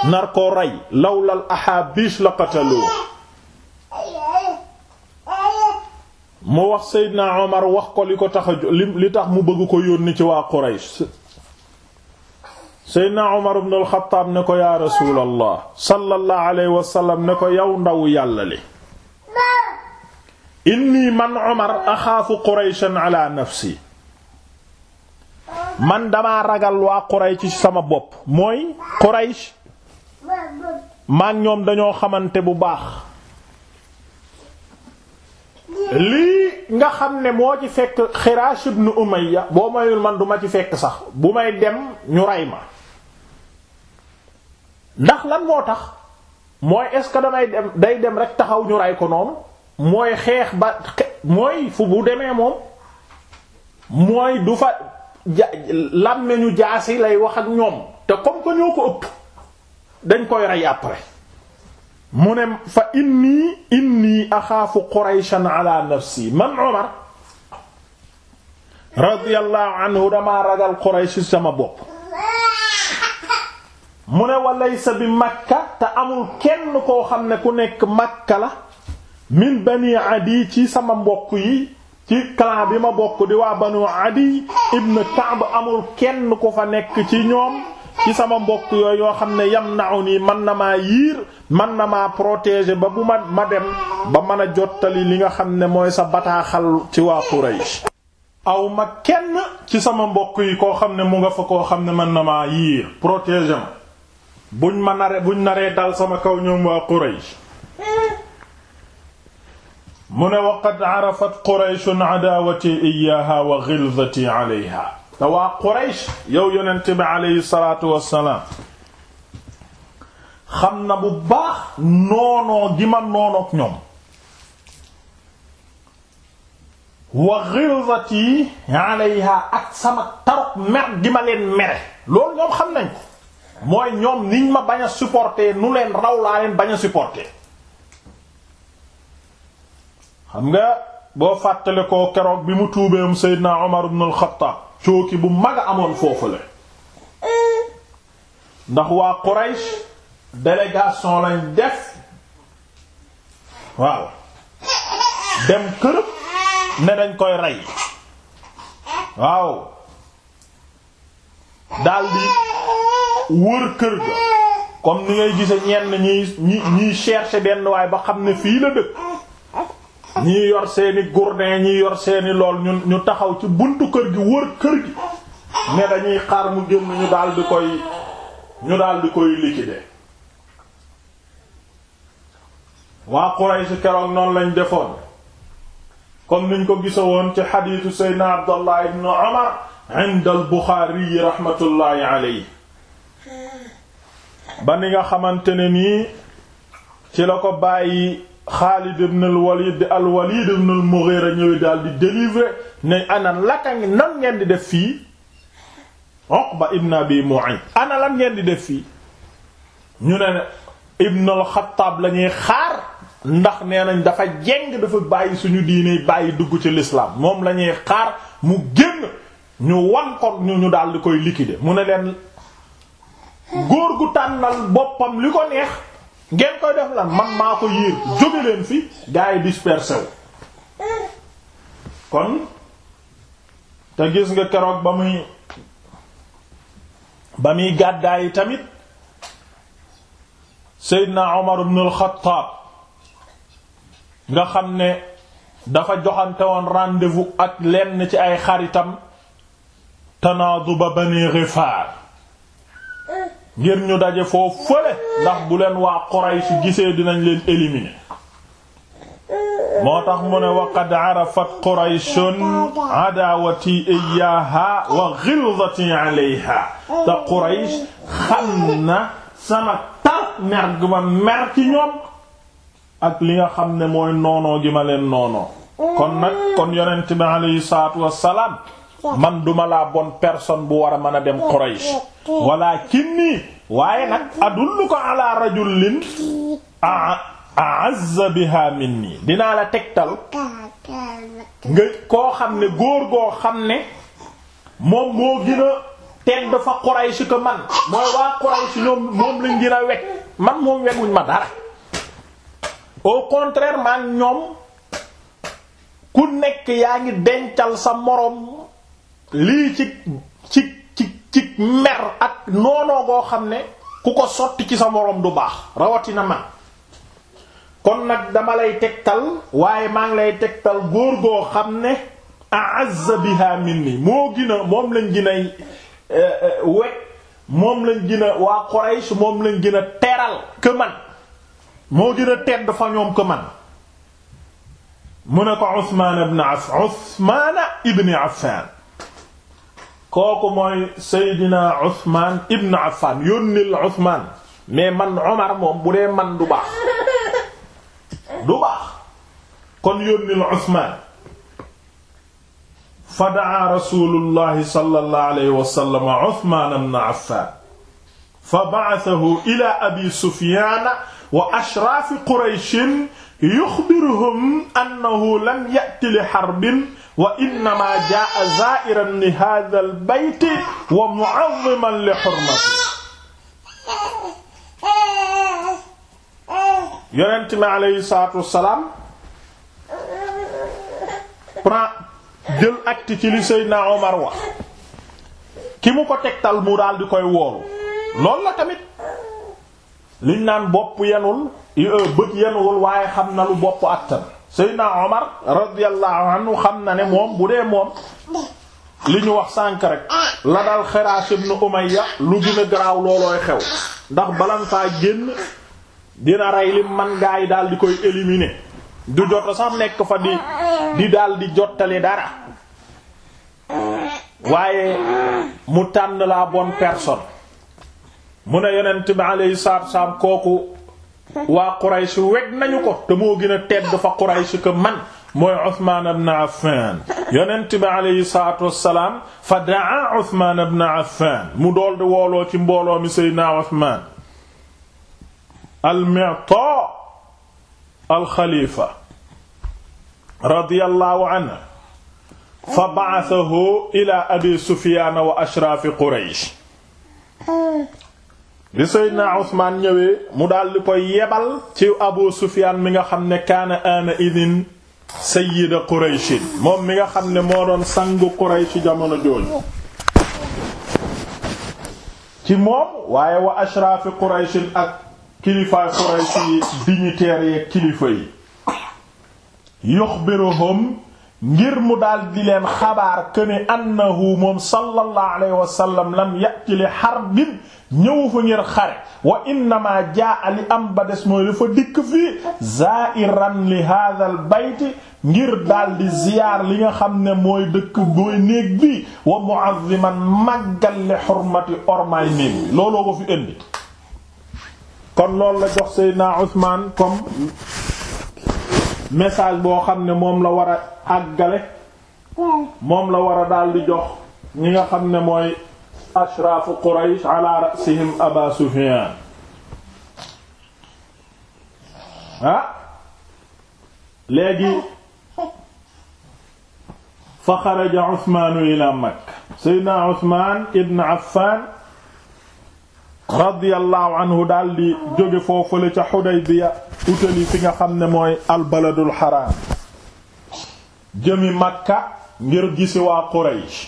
nar koo rey lawlal ahaabiis la qatalu mu wax Seydina Omar wax ko li ko tax li tax mu bëgg ko yónni ci waa Quraysh Seydina Omar ibn al ne ko yaa rasuulallah sallallahu alayhi wa ne ko yaw ndaw yàlla li inni man Omar axaafu Qurayshan ala nafsi man damaa ragal waa Quraysh ci sama bopp mooy Quraysh man ñoom dañoo xamante bu baax lii nga xam ne moo ci fekk Xiraash ibn Umayya boo mayul man duma ci fekk sax bu may dem ñu rey ma ndax lan moo tax mooy est ce que damay dem day dem rek taxaw ñu rey ko noonu mooy xeex ba mooy fu bu demee moom mooy du fa ja làmmeñu jaasi lay wax ak ñoom te comme que ñoo ko ëpp dañ koy rey après mu ne fa inni inni axaafu qurayshan ala nafsi man Umar sama bopp mu ne walaysa bi makka te amul kenn koo xam ne ku nekk makka la min bani adi ci sama mbokk yi ci clan bi ma bokk di waa banu adi ibn Ka'b amul kenn ku fa nekk ci ñoom ci sama mbokk yooyu yoo xam ne yam naaw nii man na maa yiir man na maa protéger ba bu ma ma dem ba mën a jottali li nga xam ne mooy sa bataaxal ci waa Quraysh aw ma kenn ci sama mbokk yi koo xam ne mu nga fa koo xam ne man na maa yiir protéger ma buñ ma nare buñ naree dal sama kaw ñoom waa Quraysh mu ne waqad arafat Qurayshun adaawati iyaaha wa ghilzati alayha te waa yow yonente bi aleyhi salatu wassalaam xam na bu baax noonoo gi ma noonook ñoom wa ghilzati alayha ak sama tarok mer gi ma leen mere loolu ñoom xam nañ ko mooy ñoom niñ ma bañ a supporter nu leen raw laa leen bañ a supporter xam nga boo fàttali ko keroog bi mu tuubeem Seydina Omar ibn al cooki bu mag a amoon foofu la ndax waa Quraysh délégation lañ def waaw dem kërëb ne dañ koy rey waaw daldi wër kër ga comme ni ngay gise ñenn ñi ñi ñiy chercher benn waay ba xam ne fii la dëkk ñii yor seeni gourdin ñii yor seeni lool ñu ñu taxaw ci buntu kër gi wër kër gi ne dañuy xaar mu génn ñu daldi koy ñu daal di koy liquider waa Quraysh keroog noonu lañ defoon kon niñ ko gisa woon ci xadiisu seydna Abdallah ibn Umar inda al-Buxaari rahmatullahi alayhi ba ni nga xamante ne nii ci la ko bàyyi Xaalid ibn al-Walid al-Walid ibn al-Mughira ñëwee daal di délivrer ne ana laka nan ngeen di def fii Uqba ibn Abi Mu'ayt ana ngeen di def fii ñu ne Ibn al-Khattab la xaar ndax nee nañ dafa jeng dafa bàyyi suñu diine bàyyi dugg ci lislaam moom lañuy ñuy xaar mu génn ñu wan ko ñu ñu daal di koy likide mu ne leen góor gu tànnal boppam li ko neex. ngeen koy def lan man maa ko yéer jóge leen fi gaa yi dispersé wu kon te gis nga keroog ba muy gàddaay yi tamit Seydina Omar ibn al nga xam ne dafa joxante woon rendez-vous ak lenn ci ay xaritam Tanaaduba Bani Ghifaar ngir ñu daje foofu fële ndax bu leen waa Quraysh gisee dinañ leen éliminer moo tax mu ne wa qad arafat qurayshun adaawati iyaaha wa ghilzati alayha te quraysh xam na sama tar mer ma mer ci ñoom ak li nga xam ne mooy noono gi ma leen noonoo kon nag kon yonent bi alayhi salaatu wassalaam man duma la bon personne bu war a mën a dem Quraysh walaakinni waaye nag adulluka ala rajulin a'azza biha minni dinaa la tegtal nga koo xam ne góor goo xam ne moom moo gën a tedd fa Quraysh man mooy waa Quraysh ñoom moom lañ gën a weg man moom weguñ ma dara au contraire ñoom ku nekk yaa ngi dencal sa moroom lii ci ci ci ci mer ak noonoo goo xam ne ku ko sotti ci sa moroom du baax rawatina man kon nag dama lay tegtal waaye maa ngi lay tegtal góor goo xam ne a'azza biha minni moo gën a moom lañ gën a eh, eh, moom lañ gën a waa Quraysh moom lañ gën a teral que moo gën a tedd fa ñoom que man mu ne ko Usmaan ibn Affaan Usmaan ibn Affaan kooku mooy Seydina Ousmane Ibn Affan yónnil Ousmane mais man Omar moom bu dee man du baax du baax kon yónnil Ousmane fa daa rasulullahi sallallahu alayhi wa sallam Ousmane ibn Affan fa ba'athahu ila abi Sufyan wa ashraafi Quraysh yukhbiruhum annahu lam ya'ti li harbin wa innama jaa za'iran li hadha al bayt wa mu'azziman li hurmati yonent mi alayhi salaatu wassalaam prend jël acte ci li Seydina Omar wax ki mu ko tegtal mu daal di koy woolu loolu la tamit liñ naan bopp yenul euh, bët yenuwul waaye xam na lu bopp attan Seydina Omar radiyallahu anhu xam na ne moom bu dee moom li ñu wax sànk rek la dal Xiraas ibn Umayya lu gën a garaaw loolooy xew ndax balan génn dina rey li man gaa yi daal di koy éliminer du jot sax nekk fa di di daal di jottali dara waaye mu tànn la bonne personne mu ne yonent bi alayhi salaatu wa kooku waa Quraysh weg nañu ko te moo gën a tedd fa Quraysh que man mooy Usmaan ibn Affan yonent bi alayhi salaatu wassalaam fa daa Usmaan ibn Affan mu dool di wooloo ci mbooloo mi Seydina Usmaan al-Mi'taa al-Khalifa radiyallahu anhu fa ba'athahu ila Abi Sufyaan wa ashraafi Quraysh bi seydna Usmaan ñëwee mu daldi koy yebal ci Abu Sufyaan mi nga xam ne kaana ana idin sayyida Qurayshin moom mi nga xam ne moo doon sangu Quraysh jamono jooju ci moom waaye wa ashraafi Qurayshin ak kilifaay Quraysh yi dignitaires yi kilifa yi yuxbiruhum ngir mu daal di leen xabaar këne annahu moom sallallahu alayhi wa sallam lam ya'ti li harbin ñëw fa ngir xare wa innama jaa li am ba des mooy dafa dikk fii za'iran li hadha al bayt ngir daldi di ziyaar li nga xam ne mooy dëkk mooy néeg bi wa mu'azziman màggal li xurmati ormaay néeg bi looloo ko fi indi kon loolu la jox Seydina Usmaan comme message boo xam ne moom la war a àggale moom la war a daal di jox ñi nga xam ne mooy ashraafu Quraysh ala ra'sihim Aba Sufyan ah léegi fa xaraja Usmaanu ila Makka sayyidina Usmaan ibn Affaan radiyallahu anhu daal di jóge foofale ca Xudaybiya utali fi nga xam ne mooy albaladul xaraam jëmi Makka ngir gisi waa Quraysh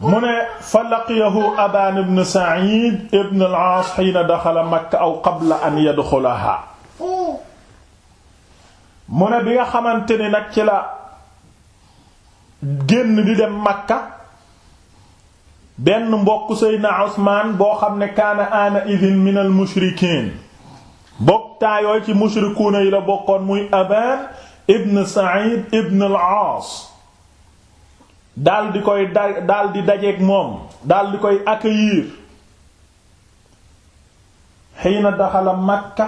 mu ne fa laqiyahu Abaan ibn Sa'iid ibn al-Aas hiina daxala Makka aw qabla an yadxulahaa mu ne bi nga xamante ni nag ci la génn di dem Makka benn mbokk seydna Usmaan boo xam ne kaana ana idin min al mushrikiin bokk yooyu ci mushrikuuna yi la bokkoon muy Abaan ibn Saïd ibn al Aas daal di koy da daal di dajeeg moom daal di koy accueillir xiina daxala Makka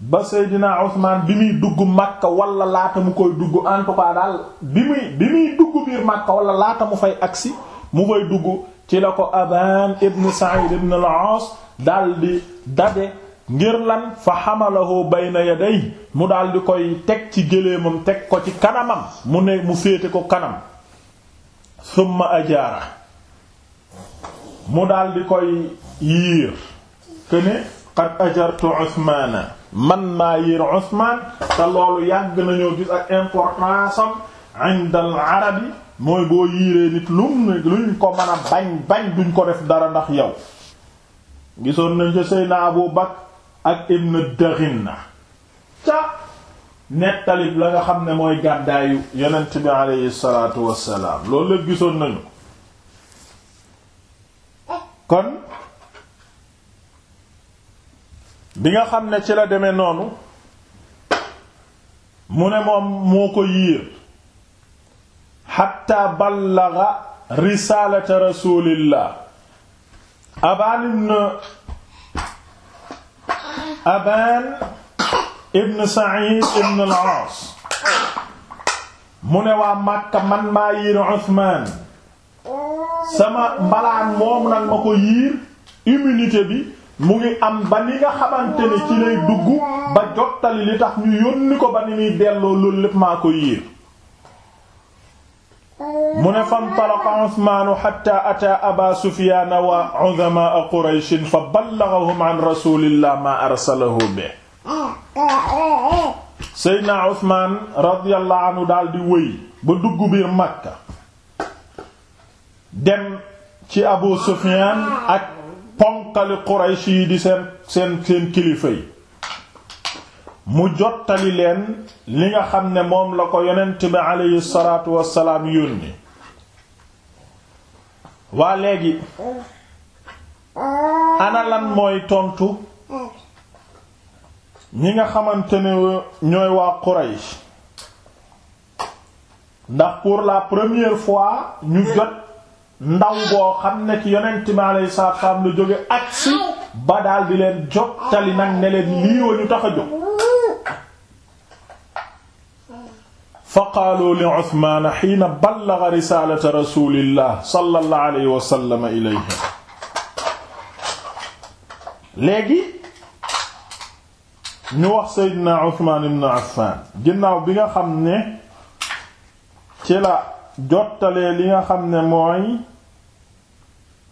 ba seydna Usmaan bi muy dugg Makka wala laata mu koy dugg en daal bi muy bi muy dugg biir Makka wala laata mu fay agsi mu fay dugg ci la ko Abaan ibn Sa'id ibn al-Aas daldi dade ngir lan fa xamalahu bayna yaday mu daldi koy teg ci géléemam teg ko ci kanamam mu ne mu féete ko kanam summa ajaara mu daldi koy yiir këne qad ajartu Usmaana man maa yiir Usmaan te loolu yàgg nañoo gis ak importance am al arabi mooy boo yiiree nit lum luñ ko mën a bañ bañ duñ ko def dara ndax yow gisoon nañ ca Seydina Abu Bakr ak Ibn Daghina ca nettalib la nga xam ne mooy gàddaayu yonent bi aleyhi salaatu wassalaam loolu lépp gisoon nañu kon bi nga xam ne ci la demee noonu mu ne moom moo ko yiir xatta ballaga risaalata rasulillah abaan ibn abaan ibn Sa'id ibn al-Aas mu ne waa Makka man maa yiir Usmaan sama mbalaan moom nag ma ko yiir immunité bi mu ngi am ba ni nga xamante ci lay dugg ba jottali li tax ñu yónni ko ba ni muy delloo loolu lépp maa ko yiir mu ne fantalaqa Usmaanu hatta ataa Abaa Sufyaan wa uzamaa Quraysh fa ballaghahum an rasuulillah maa arsalahu bihi Seydina Usmaan radiyallahu anhu daal di wëy ba dugg biir Makka dem ci Abu Sufyaan ak ponkali Quraysh yi di seen seen seen kilifa yi mu jottali leen li nga xam ne moom la ko yonent bi aleyhi salaatu wassalaam yónni waa léegi ana lan mooy tontu ñi nga xamante ne ñooy waa Quraysh ndax pour la première fois ñu jot ndaw boo xam ne ci yonent bi aleyhi salaatu wassalaam la jóge agsi ba daal di leen jottali nag ne leen lii ñu tax a jóg fa qaalu li Usmaan hiina ballagha risaalata rasuulillah sallallahu alayhi wa sallam ilayhim léegi ñu wax Seydina Usmaan ibn Affaan ginnaaw bi nga xam ne ci la jottalee li nga xam ne mooy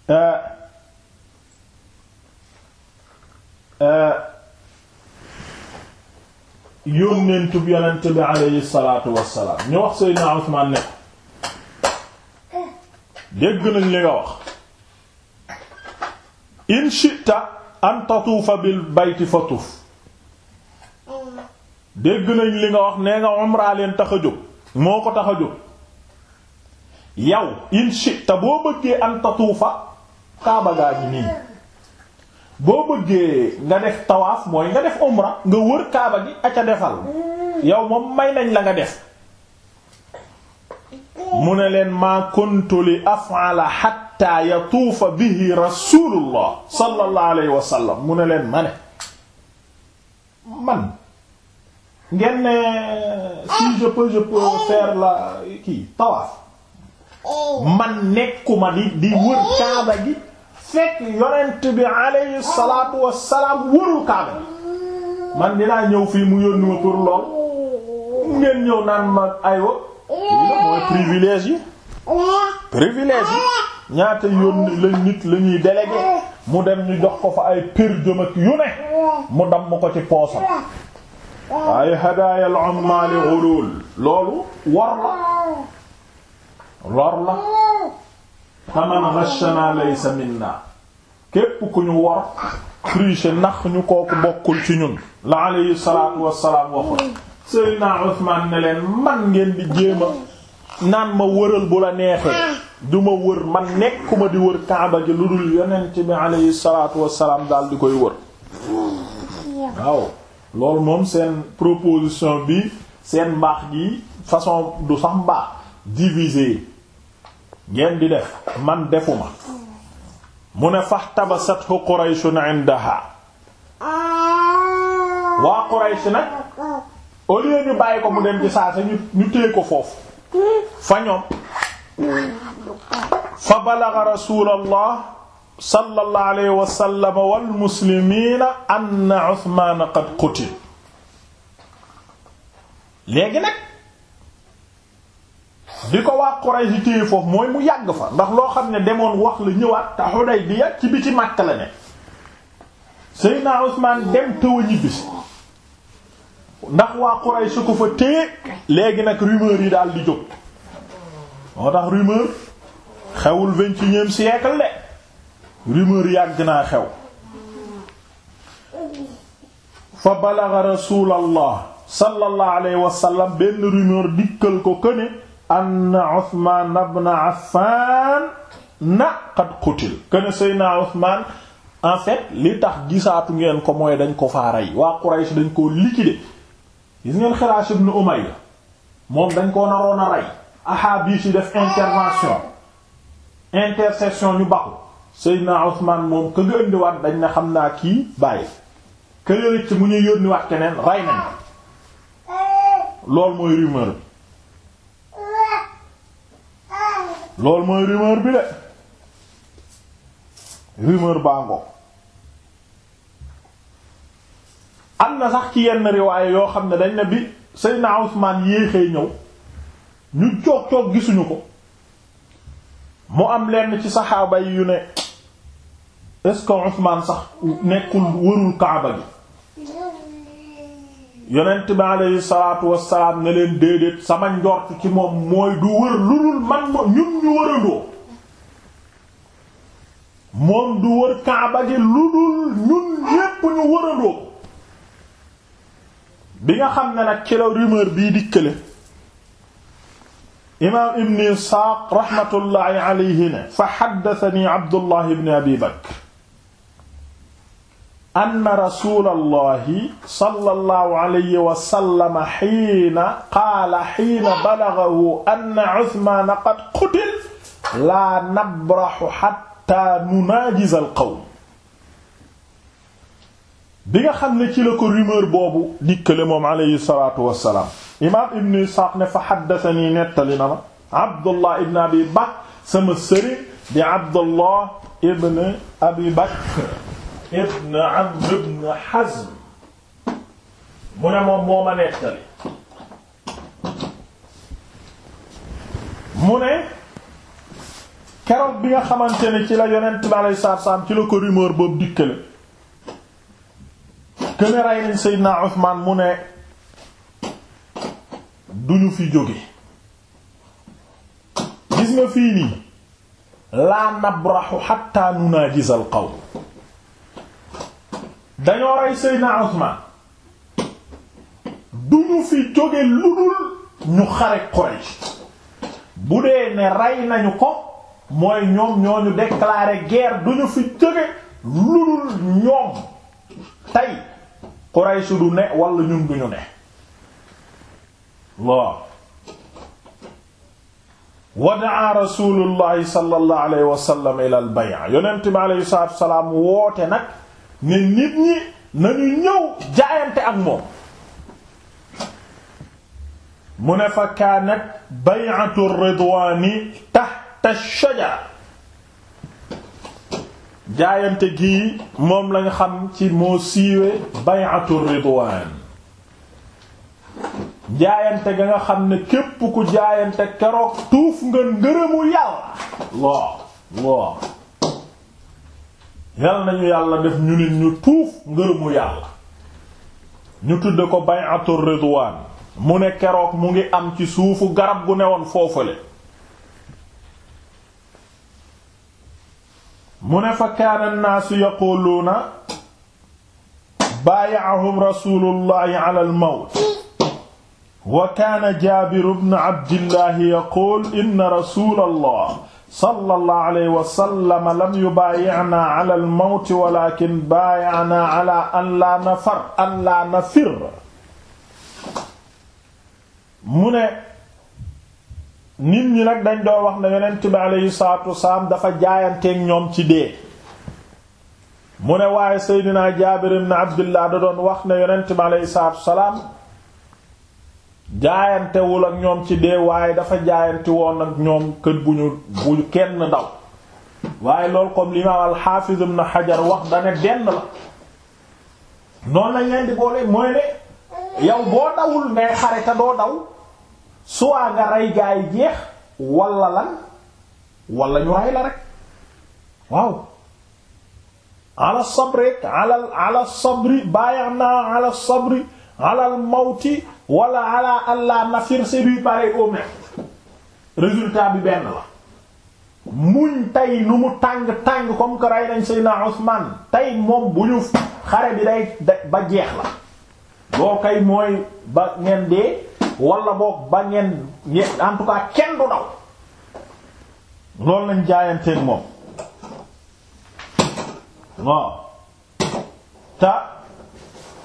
euh euh yónnentu bi yonent bi alayhi salaatu wassalaam ñu wax Seydina Usmaan ne dégg nañ li nga wax in shi'ta an tatuufa bil bayti fatuf dégg nañ li nga wax nee nga umra leen tax a jóg moo ko tax a jóg yow in shi'ta boo bëggee an tatuufa kaaba gaa nii boo bëggee nga def tawaaf mooy nga def umra nga wër kaaba gi aca defal mm. yow moom may nañ la nga def mu ne leen maa kuntu li af'ala hatta yatuufa bihi rasulullah sallallahu alayhi wa sallam mu ne leen ma ne man ngeen ne si je peux je peux oh. la kii tawaaf oh. man nekkuma di di wër kaaba gi fekk yonent bi alayhi wassalaam warul kaaba man dinaa ñëw fii mu yónni ma pour lool ngeen ñëw naan ma aywa lii la mooy privilège yi privilège yónni lañ nit la ñuy mu dem ñu jox ko fa ay pér jëm yu ne mu damm ko ci poosam waaye hadaaya al umma loolu war la lor la faman ghashana laysa minna képp ku ñu wor triche ndax ñu kooku bokkul ci ñun la alayhi salaatu wassalaam waxoon Seydina Usmaan ne leen man ngeen di jéema naan ma wëral bu la neexee du wër man nekkuma di wër kaaba ji lu dul yonent bi alayhi salaatu wassalaam daal di koy wër waaw loolu moom seen proposition bi seen mbaax gi façon du sax mbaax diviser ngeen di def man defuma mu ne faxtabasathu qurayshun indaha waa quraysh nag au lieu ñu bàyyi ko mu dem ci saasa ñu ñu téye ko foofu fa ñoom fa balagha rasulallah sallallahu alayhi wa sallam wal muslimiina anna Usmaan qad qutil léegi nag bi ko waa Quraysh téye foofu mooy mu yàgg fa ndax loo xam ne demoon wax la ñëwaat te Hudaybiya ci bi ci Makka la ne Seydina Usmaan dem tëw a ndax waa Quraysh ko fa téye léegi nag rumeur yi daal di jóg moo tax rumeur xewul vingt-et-unième siècle de rumeur yàgg naa xew fa balaga rasulallah sallallahu alayhi wa sallam benn rumeur dikkal ko këne anna Usmaan ibn Affaan na qad qutil kene Seydina Usmaan en fait li tax gisaatu ngeen ko mooy dañ ko faa rey waa Quraysh dañ koo liquider gis ngeen Xiraas ibn Umayya moom dañ koo naroon a rey ahaabiis yi def intervention intercession ñu baxu Seydina Usmaan moom ka nga indiwaat dañ ne xam naa kii bàyyi kële rëcc mu ñuy yónni wax keneen rey nañ loolu mooy rumeur loolu mooy rumeur bi de rumeur bango am na sax ci yenn riwaaye yoo xam ne dañ ne bi Seydina Usmaan yéexee ñëw ñu coog coog gisuñu ko mu am lenn ci saxaaba yu ne est-ce sax nekkul wërul Kaaba gi yonent bi alayhi salaatu wassalaam ne leen déedéet sama njort ci moom mooy du wër lu dul man ma ñun ñu wërandoo moom du wër kaaba gi lu dul ñun yépp ñu wërandoo bi nga xam ne nag ci la rumeur bii dikkale imaam ibn Isxaaq raxmatullaahi alayhi ne fa xaddatani Abdullahi ibn Abi Bakr anna rasulallahi sallallahu alayhi wa sallam xiina qaala xiina balagahu anna Usmaan qad qutil laa nabraxu xatta nunaajiza alqawm bi nga xam ne ci la ko rumeur boobu dikkale moom alayhi salaatu wa salaam. imaam Ibn Isxaaq ne fa xaddasanii nettali na ma Abdullah Ibn Abi Bakr sama sëriñ di Abdullah Ibn Abi Bakr. ibn Amr ibn Hazm mu ne moom moo ma nettali mu ne keroog bi nga xamante ne ci la yonent bi aleyhi salaatu salaam ci la ko rumeur boobu dikkale këne rey nañ Seydina mu ne duñu fi jóge gis nga fii nii laa nabraxu xatta nunaajizal qawm dañoo rey Seydina Usman du ñu fi jóge lu dul ñu xare Quraysh bu dee ne rey nañu ko mooy ñoom ñoo ñu déclarer guerre du ñu fi jóge lu dul ñoom tey Quraysh du ne wala ñun du ñu ne waaw wadaa rasulullahi sallallahu alayhi wa sallam ila al bay' yonent salaam woote nag ne nit ñi nañu ñëw jaayante ak moom mu ne fa kaanat bay'atu ridwaani tahta shajara jaayante gii moom lañ xam ci moo siiwe bay'atu ridwaan jaayante ga nga xam ne képp ku jaayante keroog tuuf nga ngërëmu yàlla yal nañu yàlla def ñu nit ñu tuuf ngërëmu yàlla ñu tudd ko bay'atur ridwaan mu ne keroog mu ngi am ci suufu garab gu newoon foofale mu ne fa kaana nnaasu yaquluuna baaya'ahum rasulullahi ala al-mawt wa kaana jaabiru bnu abdillahi yaqul inna rasulallah sallallahu alayhi wa sallam lam yubaayi'naa ala al-mawt walaakin baayi'naa ala an laa nafar an laa nafir mu ne nit ñi nag dañ doon wax ne yonent bi alayhi salaatu wasalaam dafa jaayanteeg ñoom ci dee mu ne waaye Seydina Jaabir ibn Abdullah da doon wax ne yonent bi alayhi salaatu wasalaam jaayantewul ak ñoom ci dee waaye dafa jaayanti woon ak ñoom kër bu ñu bu kenn daw waaye loolu comme l'imam al-Hafiz ibn Hajar wax dane denn la noonu lañ leen di boole mooy ne yow boo dawul ngay xare te doo daw suwaa nga rey gaa yi jeex wala lan wala ñu rey la rek waaw ala sabri ala ala sabri baayana ala sabri ala al mawti wala ala allah nafir c'est lui pareil au résultat bi benn la muñ tey nu mu tàng tàng comme que rey nañ Seydina Ousmane tey moom bu ñu xare bi day ba jeex la boo kay mooy ba ngeen dee wala boog ba ngeen en tout cas kenn du daw loolu lañ jaayanteen moom waaw ta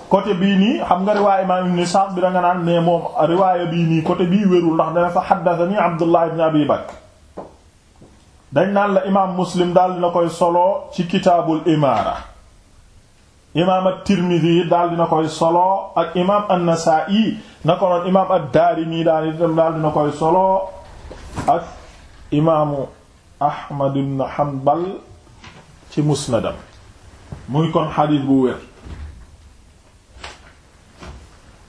côté bii nii xam nga riwaaya imaam ibn Sa'd bi da nga naan mais moom riwaaya bii nii côté bii wérul ndax dana fa haddathani Abdullah ibn Abi Bakr dañ naan la imaam Muslim daal dina koy solo ci kitaabul imaara imaam at-Tirmidhi daal dina koy solo ak imaam an-Nasa'i na ko noon imaam ad-Daarimi daal dina koy solo ak imaamu Ahmad ibn Hanbal ci musnadam muy kon xadiis bu wér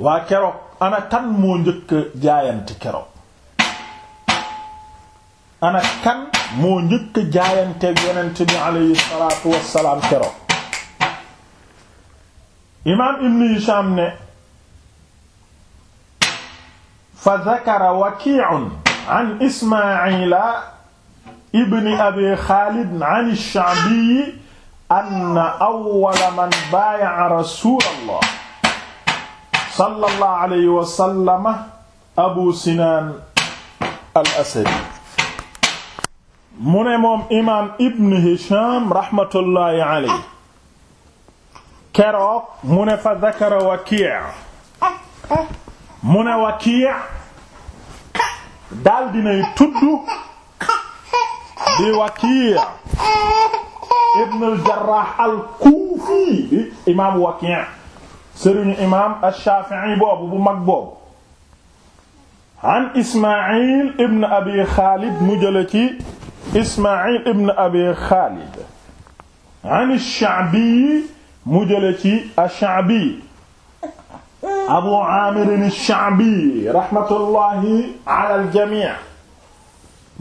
waa keroog ana kan moo njëkk jaayante keroog ana kan moo njëkk jaayanteeg yonent bi alayhi salaatu wassalaam keroog imaam ibn Hisham ne fa dhakara waki'un an Ismaa'ila ibn abi Xaalid an ash-Sha'bi anna awwala man baaya'a rasuulallah sallallahu alayhi wa sallama abu sinaan al asadi mu ne moom imaam ibn hisham rahmatullahi alayhi keroog mu ne fa dakara wakii mu ne wakii daal dinay tudd di wakii ibn al jarrah al kuufi imam wakii sëriñu imaam ash-Shafi'i boobu bu mag boobu an Ismaïl ibn Abi Khalid mu jële ci Ismaïl ibn Abi Khalid an ash-Sha'bi mu jële ci ash-Sha'bi Abu Amir ash-Sha'bi rahmatullahi ala al-jami'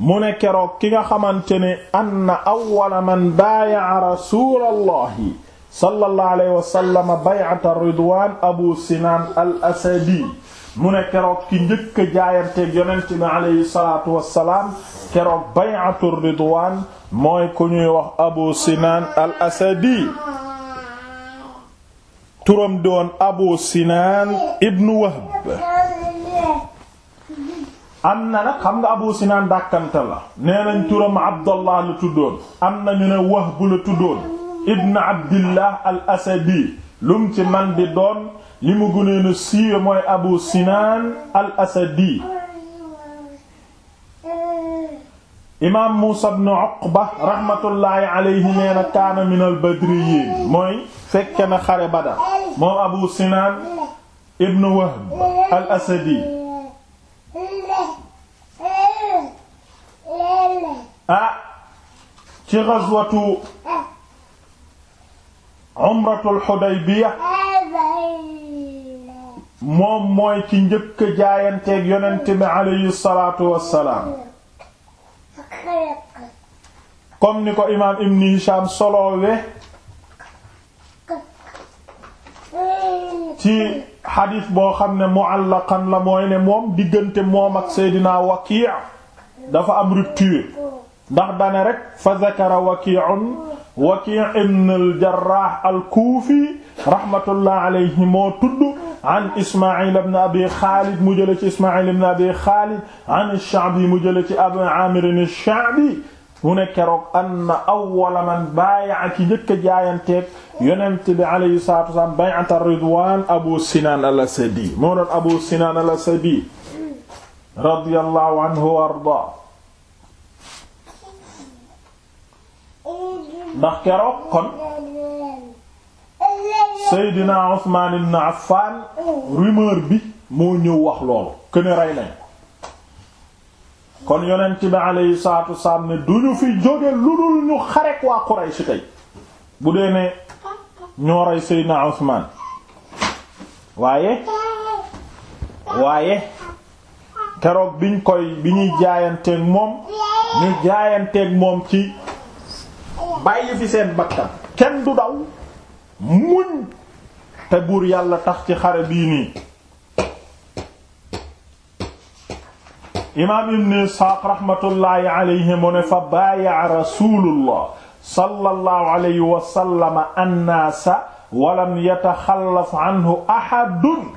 mu ne keroog ki nga xamante ne anna awwala man baaya'a rasuulallahi sallallahu alayhi wa sallam bay'ata ridwaan abu sinaan al asadi mu ne keroog ki njëkk a jaayanteeg yonent bi alayhi salaatu wassalaam keroog bay'atu ridwaan mooy ku ñuy wax abu sinaan al asadi turam doon abu sinaan ibnu wahb am na nag xam nga abu sinaan dàkkante la nee nañ turam abdallah la tuddoon am na ñu ne wahb la tuddoon ibn abdillah al asadi lum ci man di doon li mu guneenu siiwe mooy abu sinaan al asadi imaam muusa ibn uqba rahmatullaahi alayhi mooy abu sinaan ibn wahb al asadi ah, ci ghazwatu umratul moom mooy ci njëkk jaayanteeg yonent bi alayhi salaatu wassalaam comme ni ko imaam Ibn Hisham soloowe ci xadis boo xam ne muallaqan la mooy ne moom diggante moom ak Seydina Waki' dafa am rupture ndax dane rek fa zakara waki'un Waki' ibn al-Jarrah al-Kufi rahmatullah alayhi moo tudd an Isma'il ibn Abi Khalid mu jëlee ci Isma'il ibn Abi Khalid an ash-Sha'bi mu jëlee ci Abu Amir ash-Sha'bi mu ne keroog anna awwala man baaya'a ki njëkk a jaayanteeg yonent bi alayhi salaatu wa salaam bay'at ar-Ridwaan Abu Sinaan al-Asadi moo doon Abu Sinaan al-Asadi radiyallahu anhu wa ardaahu ndax keroog kon Seydina Usmaan ibn Affan rumeur bi moo ñëw wax loolu këne rey nañ kon yonent bi alayhi salaatu wasalaam ne du ñu fi jóge lu dul ñu xarek waa Quraysh tey bu dee ne ñoo rey Seydina Usmaan waaye waaye keroog biñ koy bi ñuy jaayanteeg moom ñu jaayanteeg moom ci bàyyi fi seen bakkan kenn du daw muñ te buur yàlla tax ci xare bii nii imaam ibn isxaaq raxmatullaahi alayhi mu ne fa baayaa rasuulullah sallallahu alayhi wa sallam annaasa walam yataxallaf anhu ahadun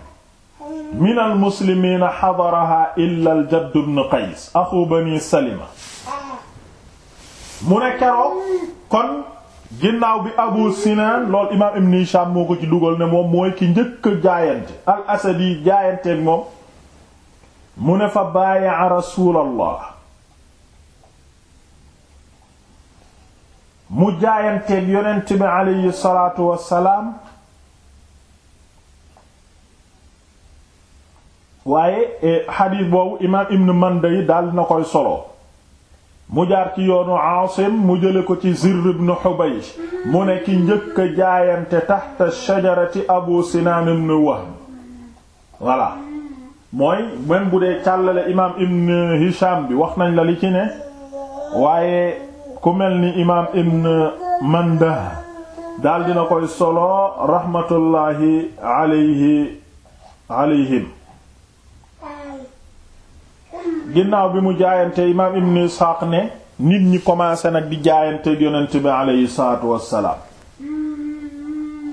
min almuslimiina xadaraha illa aljaddu bnu qays axu bani salima mu ne keroog kon ginnaaw bi Abu Sinan lool imaam Ibn Hisham moo ko ci dugal ne moom mooy ki njëkk jaayante al Asadi jaayanteeg moom mu ne fa baayaa Rasuulallah mu jaayanteeg yonent bi aleyhi salaatu wassalaam waaye eh, xadiis boobu imaam Ibn Manday daal na koy solo mu jaar ci yoonu Aasim mu jële ko ci Zirr ibn Hubaysh mu ne ki njëkk a jaayante taxta shajarati Abu Sinaan ibn Wahb mooy même bu dee càllale imaam Ibn Hisham bi wax nañ la li ci ne waaye ku mel ni imaam Ibn Mandah daal dina koy solo rahmatullahi alayhi alayhim ginnaaw bi mu jaayante imaam Ibn Isxaaq ne nit ñi commencé nag di jaayante yonent bi aleyhi salaatu wassalaam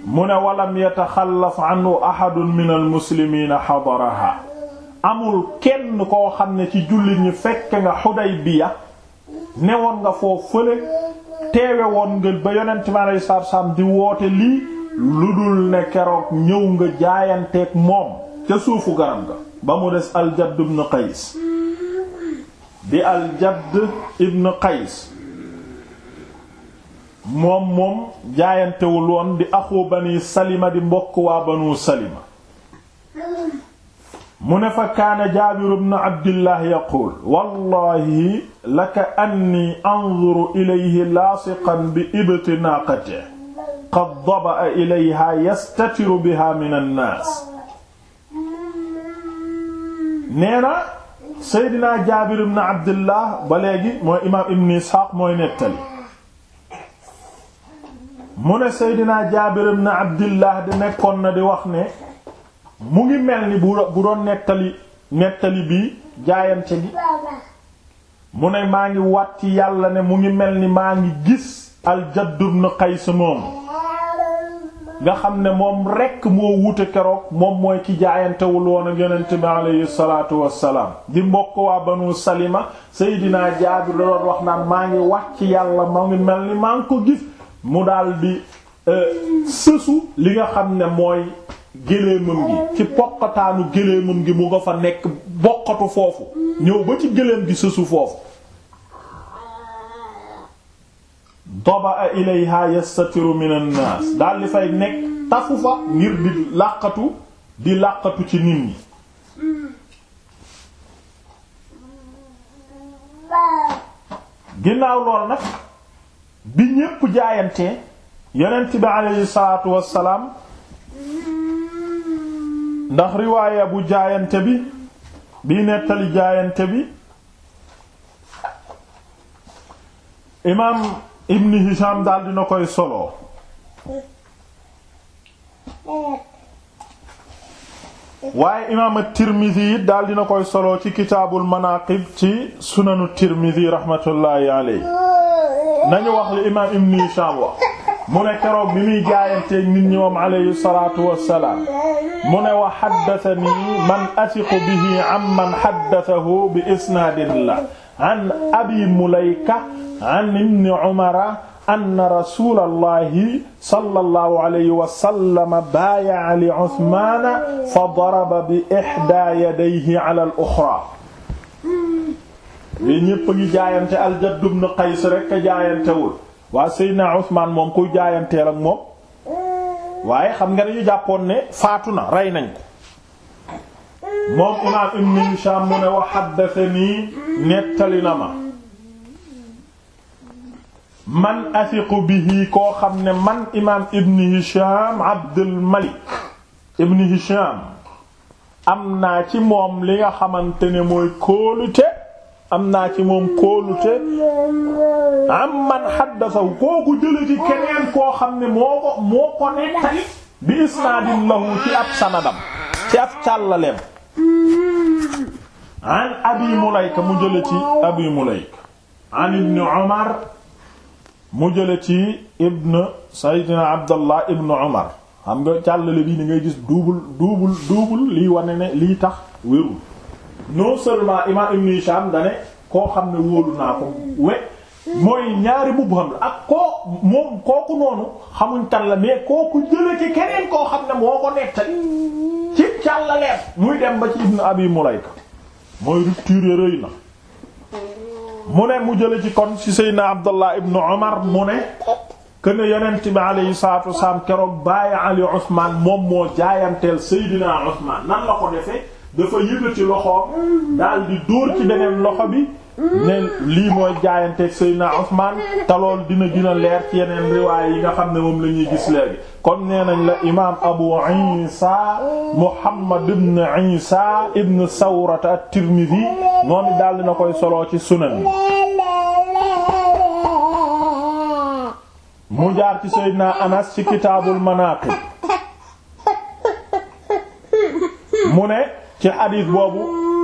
mu ne walam yataxallaf anhu ahadun min almuslimiina xadaraha amul kenn koo xam ne ci jullit ñi fekk nga Xudaybiya ne woon nga foofu fële teewe woon nga ba yonent bi aleyhi salaatu di woote lii lu dul ne keroog ñëw nga jaayanteeg moom ca suufu garab ga ba mu des Al Jadd Qays di aljadd ibn qays moom moom jaayantewul di axu bani salima di mbokk waa banu salima mu ne fa kaana jaabiru bnu abdillah yaquul wallahi laka anni anzuru ilayhi laasiqan bi ibti naaqate qad daba'a ilayha yastatiru biha min annaas seydinaa jaabir ibn abdillah ba léegi mooy imaam ibn isxaaq mooy nettali mu ne seydinaa jaabir ibn abdillah di nekkoon na di wax ne mu ngi mel ni bu doon nettali nettali bi jaayante gi mu ne maa ngi ci yàlla ne mu ngi mel ni maa ngi gis al jadd ibn nga xam ne moom rekk moo wute keroog moom mooy ki jaayantewul woon ak yonent bi alayhi salaatu wassalaam di mbokk waa banu salima seydinaa jaabir da doon wax naan maa ngi wax ci yàlla maa ngi mel ni maa ngi ko gis mu daldi euh, sësu li nga xam ne mooy géléemam gi ci poqataanu géléemam gi mu nga fa nekk boqatu foofu ñëw ba ci géléem gi sësu foofu doba ilayha yastatiru min an-nas daal fay nekk tafu fa ngir di làqatu di làqatu ci nit ñi ginnaaw lool nag bi ñépp jaayantee yonent bi aleyhi salaatu riwaaya bu jaayante bi bi nettali jaayante bi imaam ibn Hisham daal dina koy solo waaye imaam at-Tirmidhi it daal dina koy solo ci kitaabul manaqib ci sunanu Tirmidhi rahmatullahi alayhi nañu wax li imaam ibn Hisham wax mu ne keroog bi muy jaayanteeg nit ñi moom alayhi salaatu wassalaam mu ne wa haddathanii man athiqu bihi amman haddathahu bi isnaadillah an Abi Mulayka an ibni umara anna rasulallahi sallallahu alayhi wa sallam baaya'a li Usmaana fa daraba bi ihdaa yadayhi ala al-uxraa. lii ñëpp a ngi jaayante al-Jadd ibn Qays rek a jaayantewul waa Seydina Usmaan moom kuy jaayanteel ak moom waaye xam nga dañu jàppoon ne faatu na rey nañ ko. moom imaam Ibn Hishaam mu ne wa haddathanii nettali na ma. man athiqu bihi koo xam ne man imaam ibn hisham abdul malik ibn hisham am naa ci moom li nga xamante ne mooy kóolute am naa ci moom kóolute am man xaddasawu kooku jële ci keneen koo xam ne moo ko moo ko nettali bi isnaadin lahu ci ab sanadam ci ab càllaleem an abi mulayka mu jële ci abi mulayka an ibn umar mu jële ci ibn saydina abdallah ibn umar xam nga càllale bii ni ngay gis duubul duubul duubul lii wane ne lii tax wérul non seulement imam ibn hisham dane koo xam ne wóolu naa ko we mooy ñaari mubham la ak koo moom kooku noonu xamuñ tan la mais kooku jële ci keneen koo xam ne moo ko nettali ci càllaleer muy dem ba ci ibn abi mulayka mooy rupture rëy na mu ne mu jële ci kon si seydna abdullah ibnu omar mu ne kën yonent bi aleyhi salatu wasalaam keroog bàyyi ali usman moom moo jaayanteel seydina usman nan la ko defee dafa yëgati loxoom daal di dóor ci beneen loxo bi ne lii mooy jaayanteeg Seydina Usmaan te loolu dina dina leer ci yeneen riwaay yi nga xam ne moom lañuy ñuy gis léegi kon nee nañ la imaam Abu Isa Muhammad ibn Isa ibn Sawrata at-Tirmidhi moom it koy soloo ci sunan mu jaar ci Seydina Anas ci kitaabul Manaqib mu ne ci hadith boobu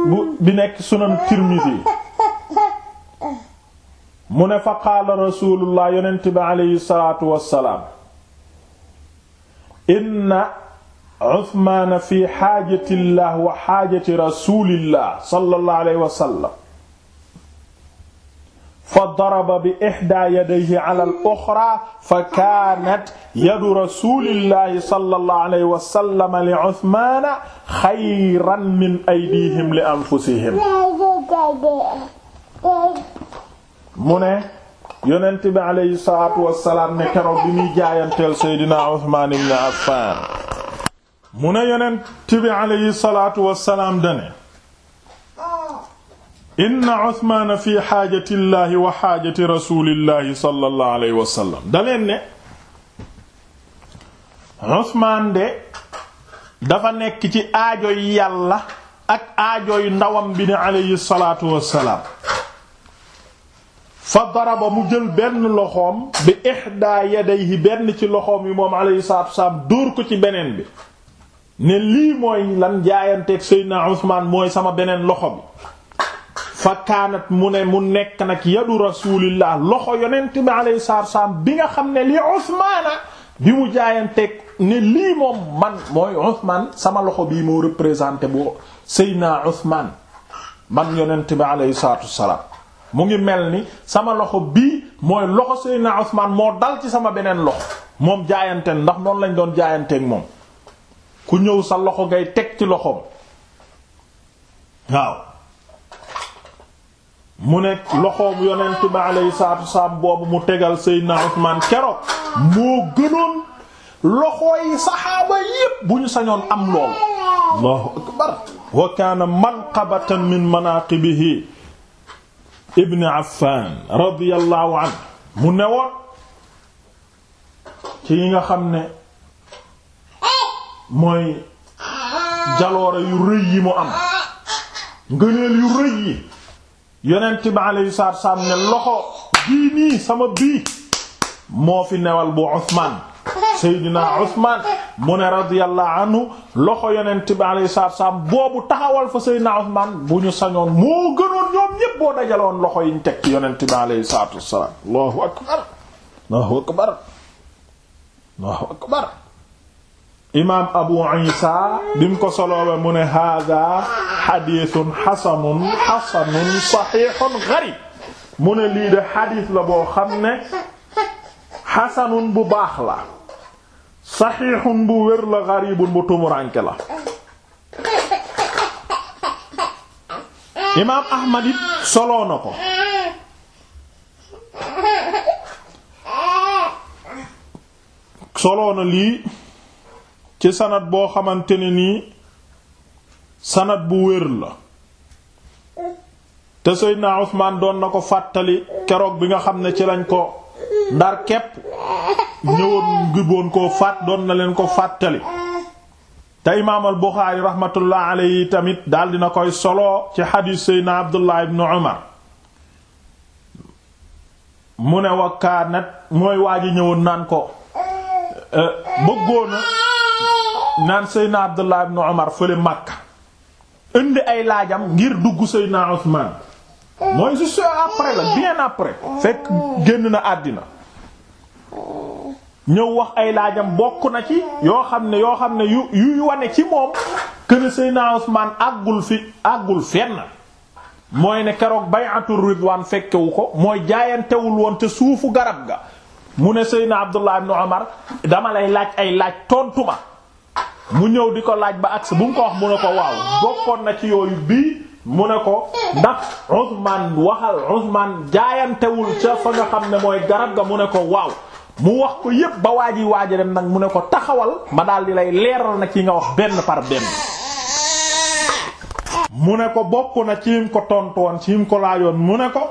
bu bi nekk sunan Tirmidhi mu ne fa qaala rasulullah yonent bi aleyhi salaatu wassalaam inna Usmaana fi xaajatillah wa xaajati rasulillah sallallahu alayhi wa sallam fa daraba bi ixdaa yadayhi ala al-uxraa fa kaanat yadu rasulillahi sallallahu alayhi wa sallam li Usmaana xayran min aydiihim li anfusihim mu ne yonent bi aleyhi salaatu wassalaam ne keroog bi muy jaayanteel seydina Usmaan ibn Affaan mu ne yonent bi aleyhi salaatu wassalaam dane inna Usmaan fi xaajati llahi wa xaajati rasulillahi sallallahu wa sallam daleen ne Usmaan de dafa nekk ci aajo yàlla ak aajooy ndawam bi ne aleyhi salaatu wassalaam fa daraba mu jël benn loxoom bi ihdaa yadayhi benn ci loxoom yi moom aleyhi salaatu wassalaam dóor ko ci beneen bi ne lii mooy lan jaayanteeg Seydina Usmaan mooy sama beneen loxo bi fa kaanat mu ne mu nekk nag yadu rasulillah loxo yonent bi aleyhi salaatu bi nga xam ne lii Usmaana bi mu jaayanteeg ne lii moom man mooy Usmaan sama loxo bii moo représenté boo Seydina Usmaan man yonent bi aleyhi salaatu wassalaam mu ngi mel ni sama loxo bii mooy loxo Seydina Usmaan moo dal ci sama beneen loxo moom jaayanteen ndax noonu lañ doon jaayanteek moom ku ñëw sa loxo ngay teg ci loxoom waaw mu ne loxoom yonent bi aleyhi salaatu wassalaam boobu mu tegal Seydina Usmaan keroog moo gënoon loxo saxaaba yépp bu ñu sañoon am loolu wa kaana manqabatan min manaaqibihi ibn Affan radiyallahu anhu mu newoon ci yi nga xam ne mooy jaloore yu rëy yi mu am ngëneel yu rëy yi yonent bi alayhi salaatu wa salaam ne loxo bii nii sama bii moo fi newal bu Usmaan Seydina Usmaan mu ne radiyallahu anhu loxo yonent bi alayhi salaatu salaam boobu taxawal fa Seydina Usmaan bu ñu sañoon moo gënoon ñoom ñépp boo dajaloon loxo yi ñu teg ci yonent bi alayhi salaatu salaam Allahu akbar imaam Abu Isa bi mu ko soloowe mu ne haadaa xadiisun xasanun xasanun saxiixun gariib mu ne lii de xadiis la boo xam ne xasanun bu baax la saxiixun bu wér la garibun bu tumuranke la imaam ahmad it soloo na ko soloo na lii ci sanad boo xamante ne nii sanad bu wér la te Seydina Usmaan doon na ko fàttali keroog bi nga xam ne ci lañ ko ndar kepp ñëwoon giboon koo faat doon na leen ko fàttali te imaam al Buxaari rahmatullah alayhi tamit daal na koy solo ci xadiis seydna Abdullah ibn Umar mu ne wa mooy waa ñëwoon naan ko euh, bëggoona naan seydna Abdullah ibn Umar fële Makka indi ay laajam ngir dugg seydna Usmaan mooy juste après la bien après fekk génn na àddina ñëw wax ay laajam bokk na ci yoo xam ne yoo xam ne yu yuy wane ci moom kën Seydina Usmaan àggul fi àggul fenn mooy ne keroog bay'atul ridwaan fekkewu ko mooy jaayantewul woon te suufu garab ga mu ne Seydina Abdullah ibn Umar dama lay laaj ay laaj tontuma mu ñëw di ko laaj ba agsi bu mu ko wax mu ne ko waaw bokkoon na ci yooyu bii mu ne ko ndax Usmaan waxal Usmaan jaayantewul ca fa nga xam ne mooy garab ga mu ne ko waaw mu wax ko yépp ba waa ji waaja dem nag mu ne ko taxawal ma daal di lay leeral nag yi nga wax benn par benn mu ne ko bokk na ciim ko tontu woon ciim ko laajoon mu ne ko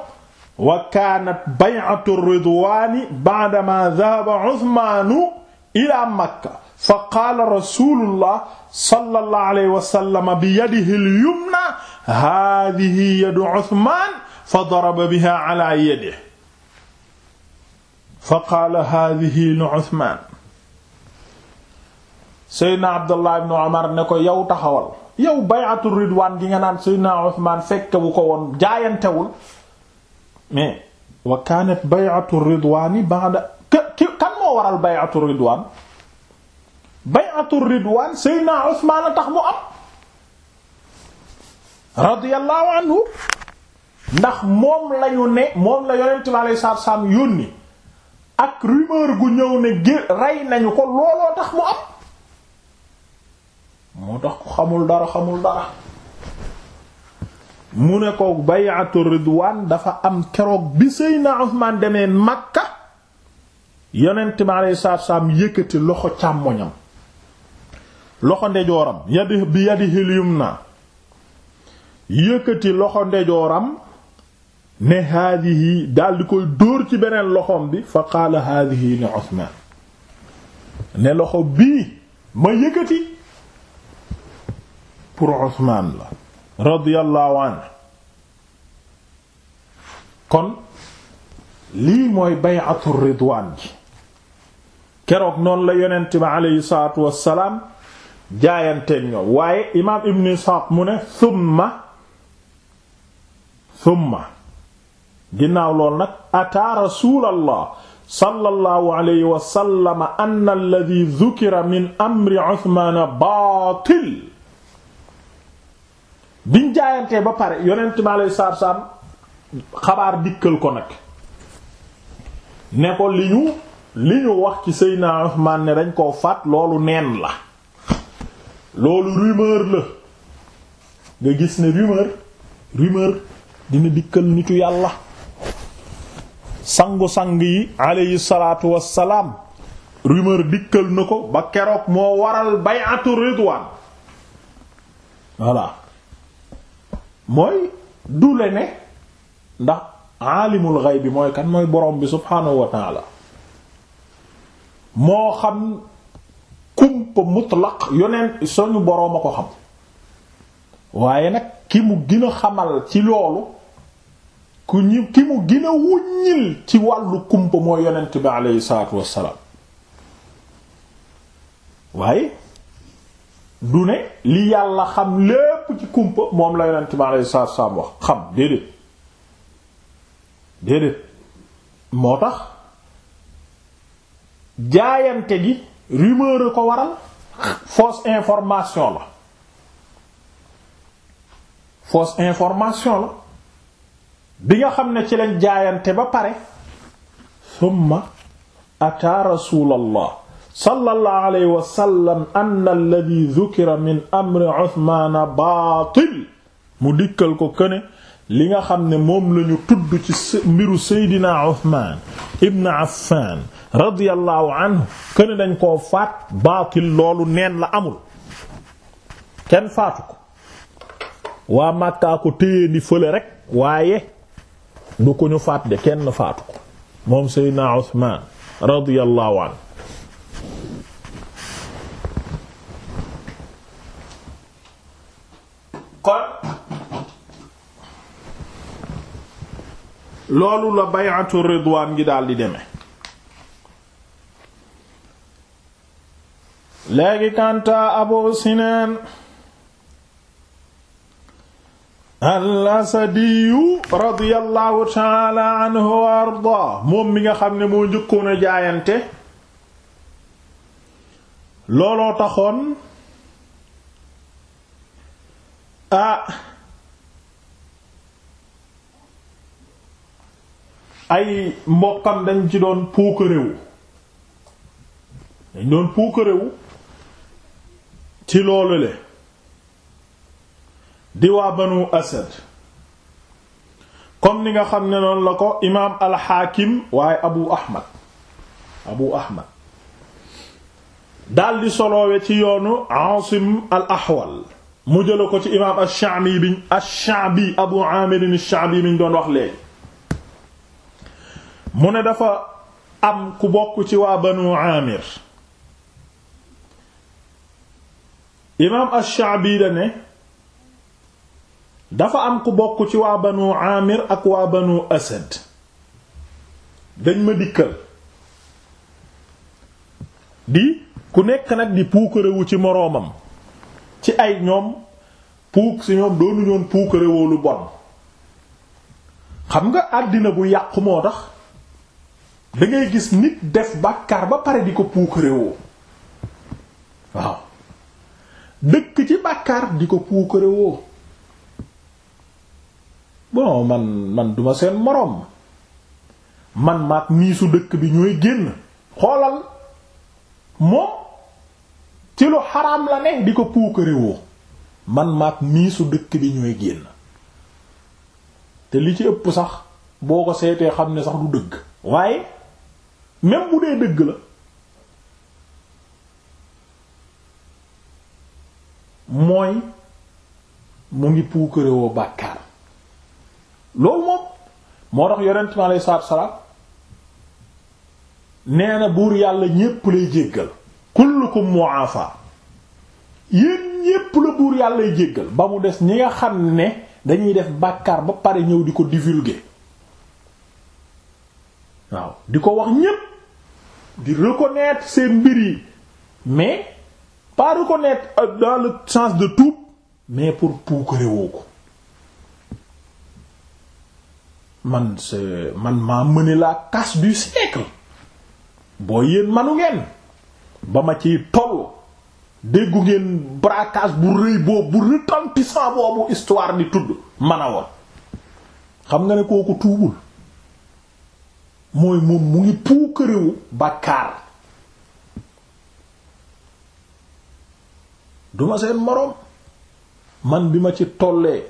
wa kaanat bay'atu ridwani ba'dama dhahaba uthmanu ila makka fa qaala rasulullah sallallahu alayhi wa sallam bi yadihi al-yumna hadhihi yadu uthman fa daraba biha ala yadihi fa qaala haadihi li Usmaan seydna Abdullah ibn Umar ne ko yow taxawal yow bay'atu ridwaan gi nga naan seydna Usmaan fekke bu ko woon jaayantewul mais wa kaanat bay'atu ridwaani ba'da kan moo waral bay'atu ridwaan bay'atu ridwaan seydna Usmaan a tax mu am radiyallahu anhu ndax moom lañu ne moom la yonent bi alayhi salaam yónni ak rumeur gu ñëw ne gé rey nañu ko looloo tax mu am moo tax ku xamul dara xamul dara mu ne ko bay'atu ridwaan dafa am keroog bi na Usmaan demee Makka yonent mi alayhi salaatu salaam yëkkati loxo càmmoñam loxo ndejooram yadi bi yadihil yumna yëkkati loxo ndejooram ne haadihi daal di koy dóor ci beneen loxoom bi fa qaala haadihi ne loxo bii ma yëkkati pour Usmaan la radiyallahu anhu kon lii mooy bay'atu ridwaan ji keroog noonu la yonent bi aleyhi salaatu wassalaam jaayanteen ñoom waaye imaam ibn Isxaaq mu ne summa summa ginnaaw lool nag ataa rasulallah sallallahu alayhi wa sallam anna alladhi dhukira min amri Uthman baatil biñ jaayantee ba pare yonent mi alayhi salaatu salaam xabaar dikkal ko nag ne ko li ñu li ñu wax ci Seydina Uthman ne dañ koo faat loolu neen la loolu rumeur la nga gis ne rumeur rumeur dina dikkal nitu yàlla sangu-sang yi alayhi salaatu wassalaam rumeur dikkal na ko ba keroog moo waral bay'atu ridwaan voilà mooy du le ne ndax aalimul gayb bi mooy kan mooy borom bi subhaanahu wa moo xam kumpa mutlaq yonent suñu boroom a ko xam waaye nag ki mu gën xamal ci loolu ku ñu ki mu gën wuññil ci wàllu kumpa moo yonent bi aleyhi wassalaam waaye du ne li yàlla xam lépp ci kumpa moom la yonent bi aleyhi salaatu wax xam déedéet déedéet moo tax jaayante gi rumeur ko waral fausse information la fausse information la bi nga xam ne ci lañ jaayante ba pare summa ataa rasulallah sallallahu alayhi wa sallam anna alladhi dhukira dikkal ko këne li nga xam ne moom lañu tudd ci mbiru seydina Uthman ibn Affan radiyallahu anhu këne dañ koo faat baatil loolu neen la amul kenn faatu ko waa Makka ko téye ni fële rek waaye du ko ñu faat kenn faatu ko moom Seydina Usmaan radiyallahu anhu loolu la bay'atu ridwaan gi daldi di deme léegi kanta Abu Sinaan al-Asadiyu radiyallahu moom mi nga xam ne moo njëkkoon a jaayante looloo taxoon a ay mbokkam dañ ci doon puukarewu dañ doon puukarewu ci loolu le di waa banu asad comme ni nga xam ne noon la ko imaam alxaakim waaye abu ahmad abu ahmad daldi soloowe ci yoonu aasim al mu jëla ko ci imaam ash-sha'bi bi ash-sha'bi abu aamir ash-sha'bi bi doon wax léegi mu ne dafa am ku bokk ci waa banu aamir imaam ash-sha'bi da ne dafa am ku bokk ci waa banu amir ak waa banu asad dañ ma dikkal di ku nekk nag di puukarewu ci moroomam ci ay ñoom puuk ci ñoom doonu ñoon puukarewoo lu bon xam nga àddina bu yàqu moo tax da ngay gis nit def bàkkaar ba pare di ko puukarewoo waaw dëkk ci bàkkaar di ko puukarewoo bon man man duma seen moroom man maag nii dëkk bi ñooy génn xoolal moom ci lu xaraam la ne di ko puukarewoo man maag miisu dëkk bi ñooy génn te li ci ëpp sax boo ko seetee xam ne sax du dëgg waaye même bu dee dëgg la mooy mu ngi puukarewoo bàkkaar loolu moom moo tax yonent mi aleyhi salaatu salaam nee na buur yàlla ñépp lay jéggal kullukum mu'afa yéen ñépp la buur yàlla lay jéggal ba mu des ñi nga xam ne dañuy def bàkkaar ba pare ñëw di ko divulguer waaw di ko wax ñépp di reconnaître seen mbir yi mais pas reconnaître euh, dans le sens de tout mais pour puukarewoo ko man c'est man maa mëne la casse du siècle boo yéen manu ngeen ba ma ci toll déggu ngeen braquage bu rëy boobu bu retentissant boobu histoire di tudd man a woon xam nga ne kooku tuubul mooy moom mu ngi puukarewu bàkkaar duma seen moroom man bi ma ci tollee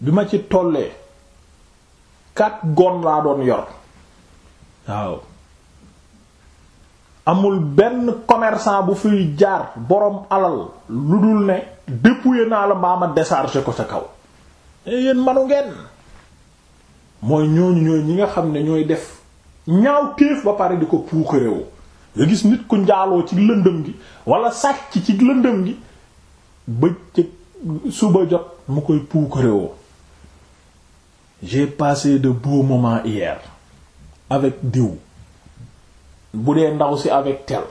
bi ma ci tollee quatre gon laa doon yor waaw amul benn commerçant bu fi jaar boroom alal lu dul ne dépouiller naa la mbaama décharger ko sa kaw eh, yéen manu ngeen mooy ñooñu ñooy ñi nga xam ne ñooy def ñaaw téef ba pare di ko puukarewu nga gis nit ku njaaloo ci lëndëm gi wala sàcc ci lëndëm gi bëccëg suba jot mu koy puukarewoo j'ai passé de beaux moments hier avec diw bu dee ndaw si avec tel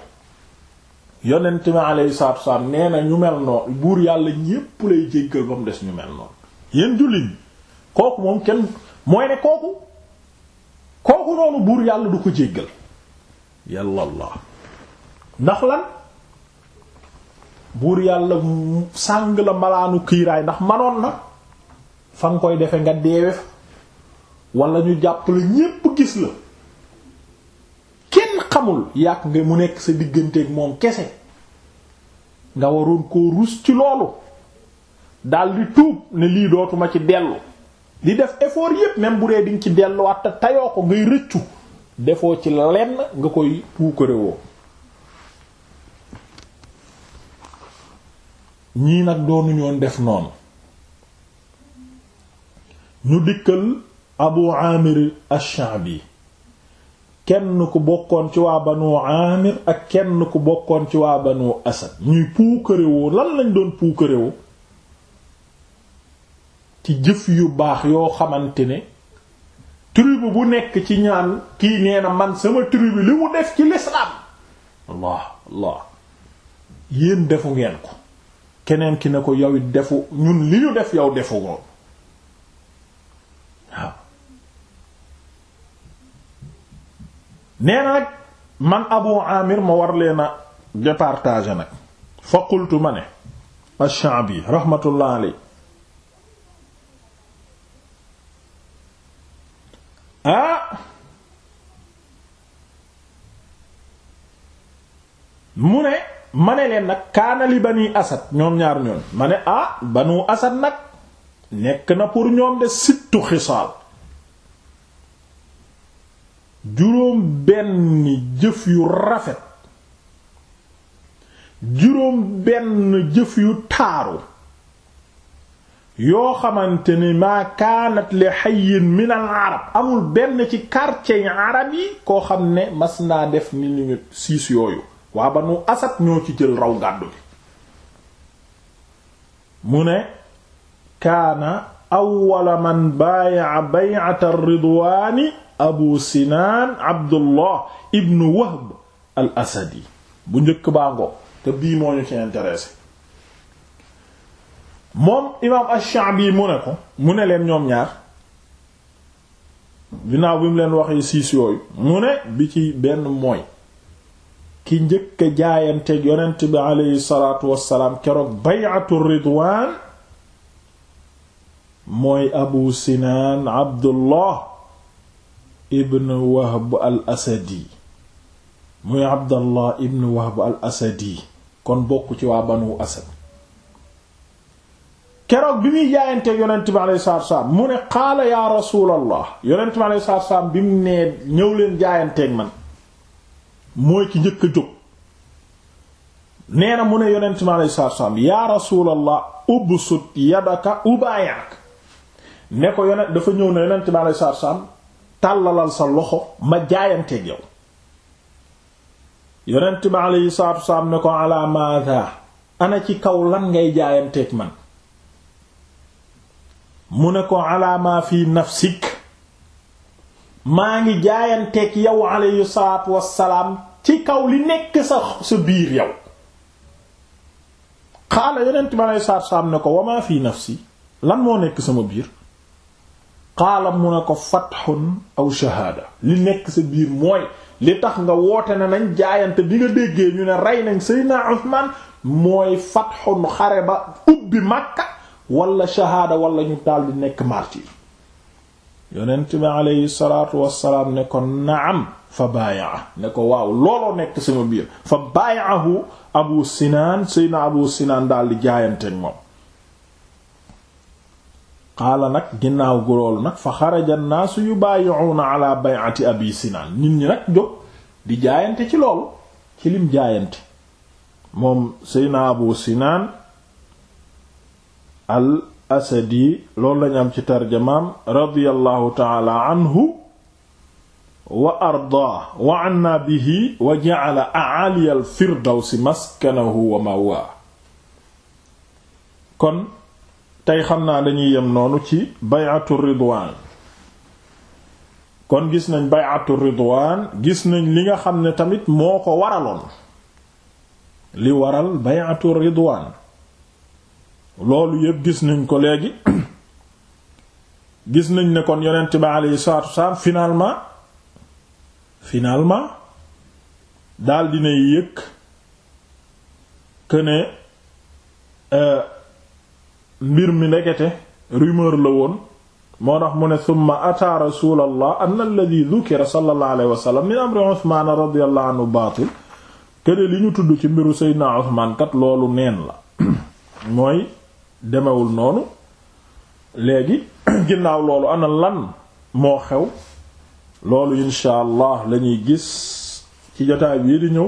yonent mi alayhi salaatu wassalaam nee ñu mel noonu buur yàlla ñépp lay jéggal ba mu des ñu mel noonu yéen jullit kooku moom kenn mooy ne kooku kooku noonu buur yàlla du ko jéggal yàlla la ndax lan buur yàlla sàng la malaanu kiiraay ndax manoon na fa nga koy defe nga deewe fa wala ñu jàpp la ñépp gis la kenn xamul yàq nga mu nekk sa digganteeg moom kese nga waroon koo rus ci loolu daldi tuub ne lii dootuma ci dellu di def effort yépp même bu dee diñ ci delluwaat te tayoo ko ngay rëccu defoo ci lenn nga koy puukarewoo ñii nag doonuñoon def noonu ñu dikkal abu amir ash-sha'bi kenn ku bokkoon ci waa banu amir ak kenn ku bokkoon ci waa banu asad ñuy puukarewoo lan lañ doon puukarewoo ci jëf yu baax yoo xamante ne tribu bu nekk ci ñaan kii nee na man sama tribu li mu def ci lislaam allah allah yéen defu ngeen ko keneen ki ne ko yow it defu ñun li ñu def yow defu woon nee na nag man abu amir ma war leen a départager nag fa qultu ma ne ash-Sha'bi rahmatullah alayhi ah mu ne ma ne leen nag kaana li bani asad ñoom ñaar ñoon ma ne ah banu asad nag nekk na pour ñoom de sittu xisaal juróom benn jëf yu rafet juróom benn jëf yu taaru yoo xamante ni maa kaanat li xayin min arab amul benn ci quartier arab yi koo xam ne mas naa def ni ñu siis yooyu waa Banu Asad ñoo ci jël raw gàddu bi mu ne kaana awwala man baaya'a bay'ata ridwaani abu sinaan abdullah ibnu wahb al asadi bu njëkk baa te bii moo ñu ci intéressé moom imaam ash-Sha'bi mu ne ko mu ne leen ñoom ñaar ginnaaw bi mu leen waxee siis yooyu mu ne bi ci benn mooy ki njëkk a jaayanteeg yonent bi aleyhi salaatu wassalaam keroog bay'atu ridwaan mooy abu sinaan abdullah ibn wahb al asadi muy abdallah ibn wahb al asadi kon bokk ci waa banu asad keroog bi muy jaayante yonent bi alayhi salaatu salaam mu ne qaala yaa rasuulallah yonent bi alayhi salaatu salaam bi mu nee ñëw leen man mooy ki njëkk jóg nee na mu ne yonent bi alayhi salaatu salaam yaa rasuulallah ubsut yadaka ubaayaak ne ko yonent dafa ñëw ne yonent bi alayhi salaatu salaam tàllalal sa loxo ma jaayanteeg yow yonent bi aleyhi salaatu wasalaam ne ko ana ci kaw lan ngay jaayanteeg man mu ne ko ala ma nafsik maa ngi jaayanteeg yow aleyhi salaatu wasalaam ci kaw li nekk sa sa biir yow xaala yonent bi aleyhi salaatu wasalaam ne ko wa ma nafsi lan moo nekk sama biir qaala mu ne ko fathun aw shahaada li nekk sa biir mooy li tax nga woote na nañ jaayante bi nga déggee ñu ne rey nañ Seydina Usmaan mooy fathun xare ba ubbi Makka wala shahaada wala ñu daal di nekk martyr yonent bi aleyhi salaatu wassalaam ne ko naam fa baayaa ne ko waaw looloo nekk sama biir fa baayaahu Abu Sinaan Seydina Abu Sinaan daal di jaayanteek moom qaala nag ginnaaw gu loolu nag fa xaraja naasu yubaayi'uuna ala bay'ati abi sinaan nit nag jóg di jaayante ci loolu ci lim jaayante moom sayna abu sinaan al asadi loolu lañu ci tarjamaam radiyallahu taala anhu wa ardaah wa anna bihi wa ja'ala a'ali al firdawsi maskanahu wa mawaa kon tey xam naa dañuy yem noonu ci bay'atu ridwaan kon gis nañ bay'atu ridwaan gis nañ li nga xam ne tamit moo ko waraloon li waral bay'atu ridwaan loolu yépp gis nañ ko léegi gis nañ ne kon yonent bi alayhi salaatu wasalaam finalement finalement daal dinay yëg que ne. Euh, mbir mi ndekete rumeur la woon moo tax mu ne summa ataa rasulallah an alladi dukira sallallahu alayhi wa sallam amri Usmaan radiyallahu anhu baatil li ñu tudd ci mbiru Seydina Usmaan loolu neen la mooy demewul noonu léegi ginnaaw loolu ana lan moo xew loolu insha allah lañuy gis ci jotaay bii di ñëw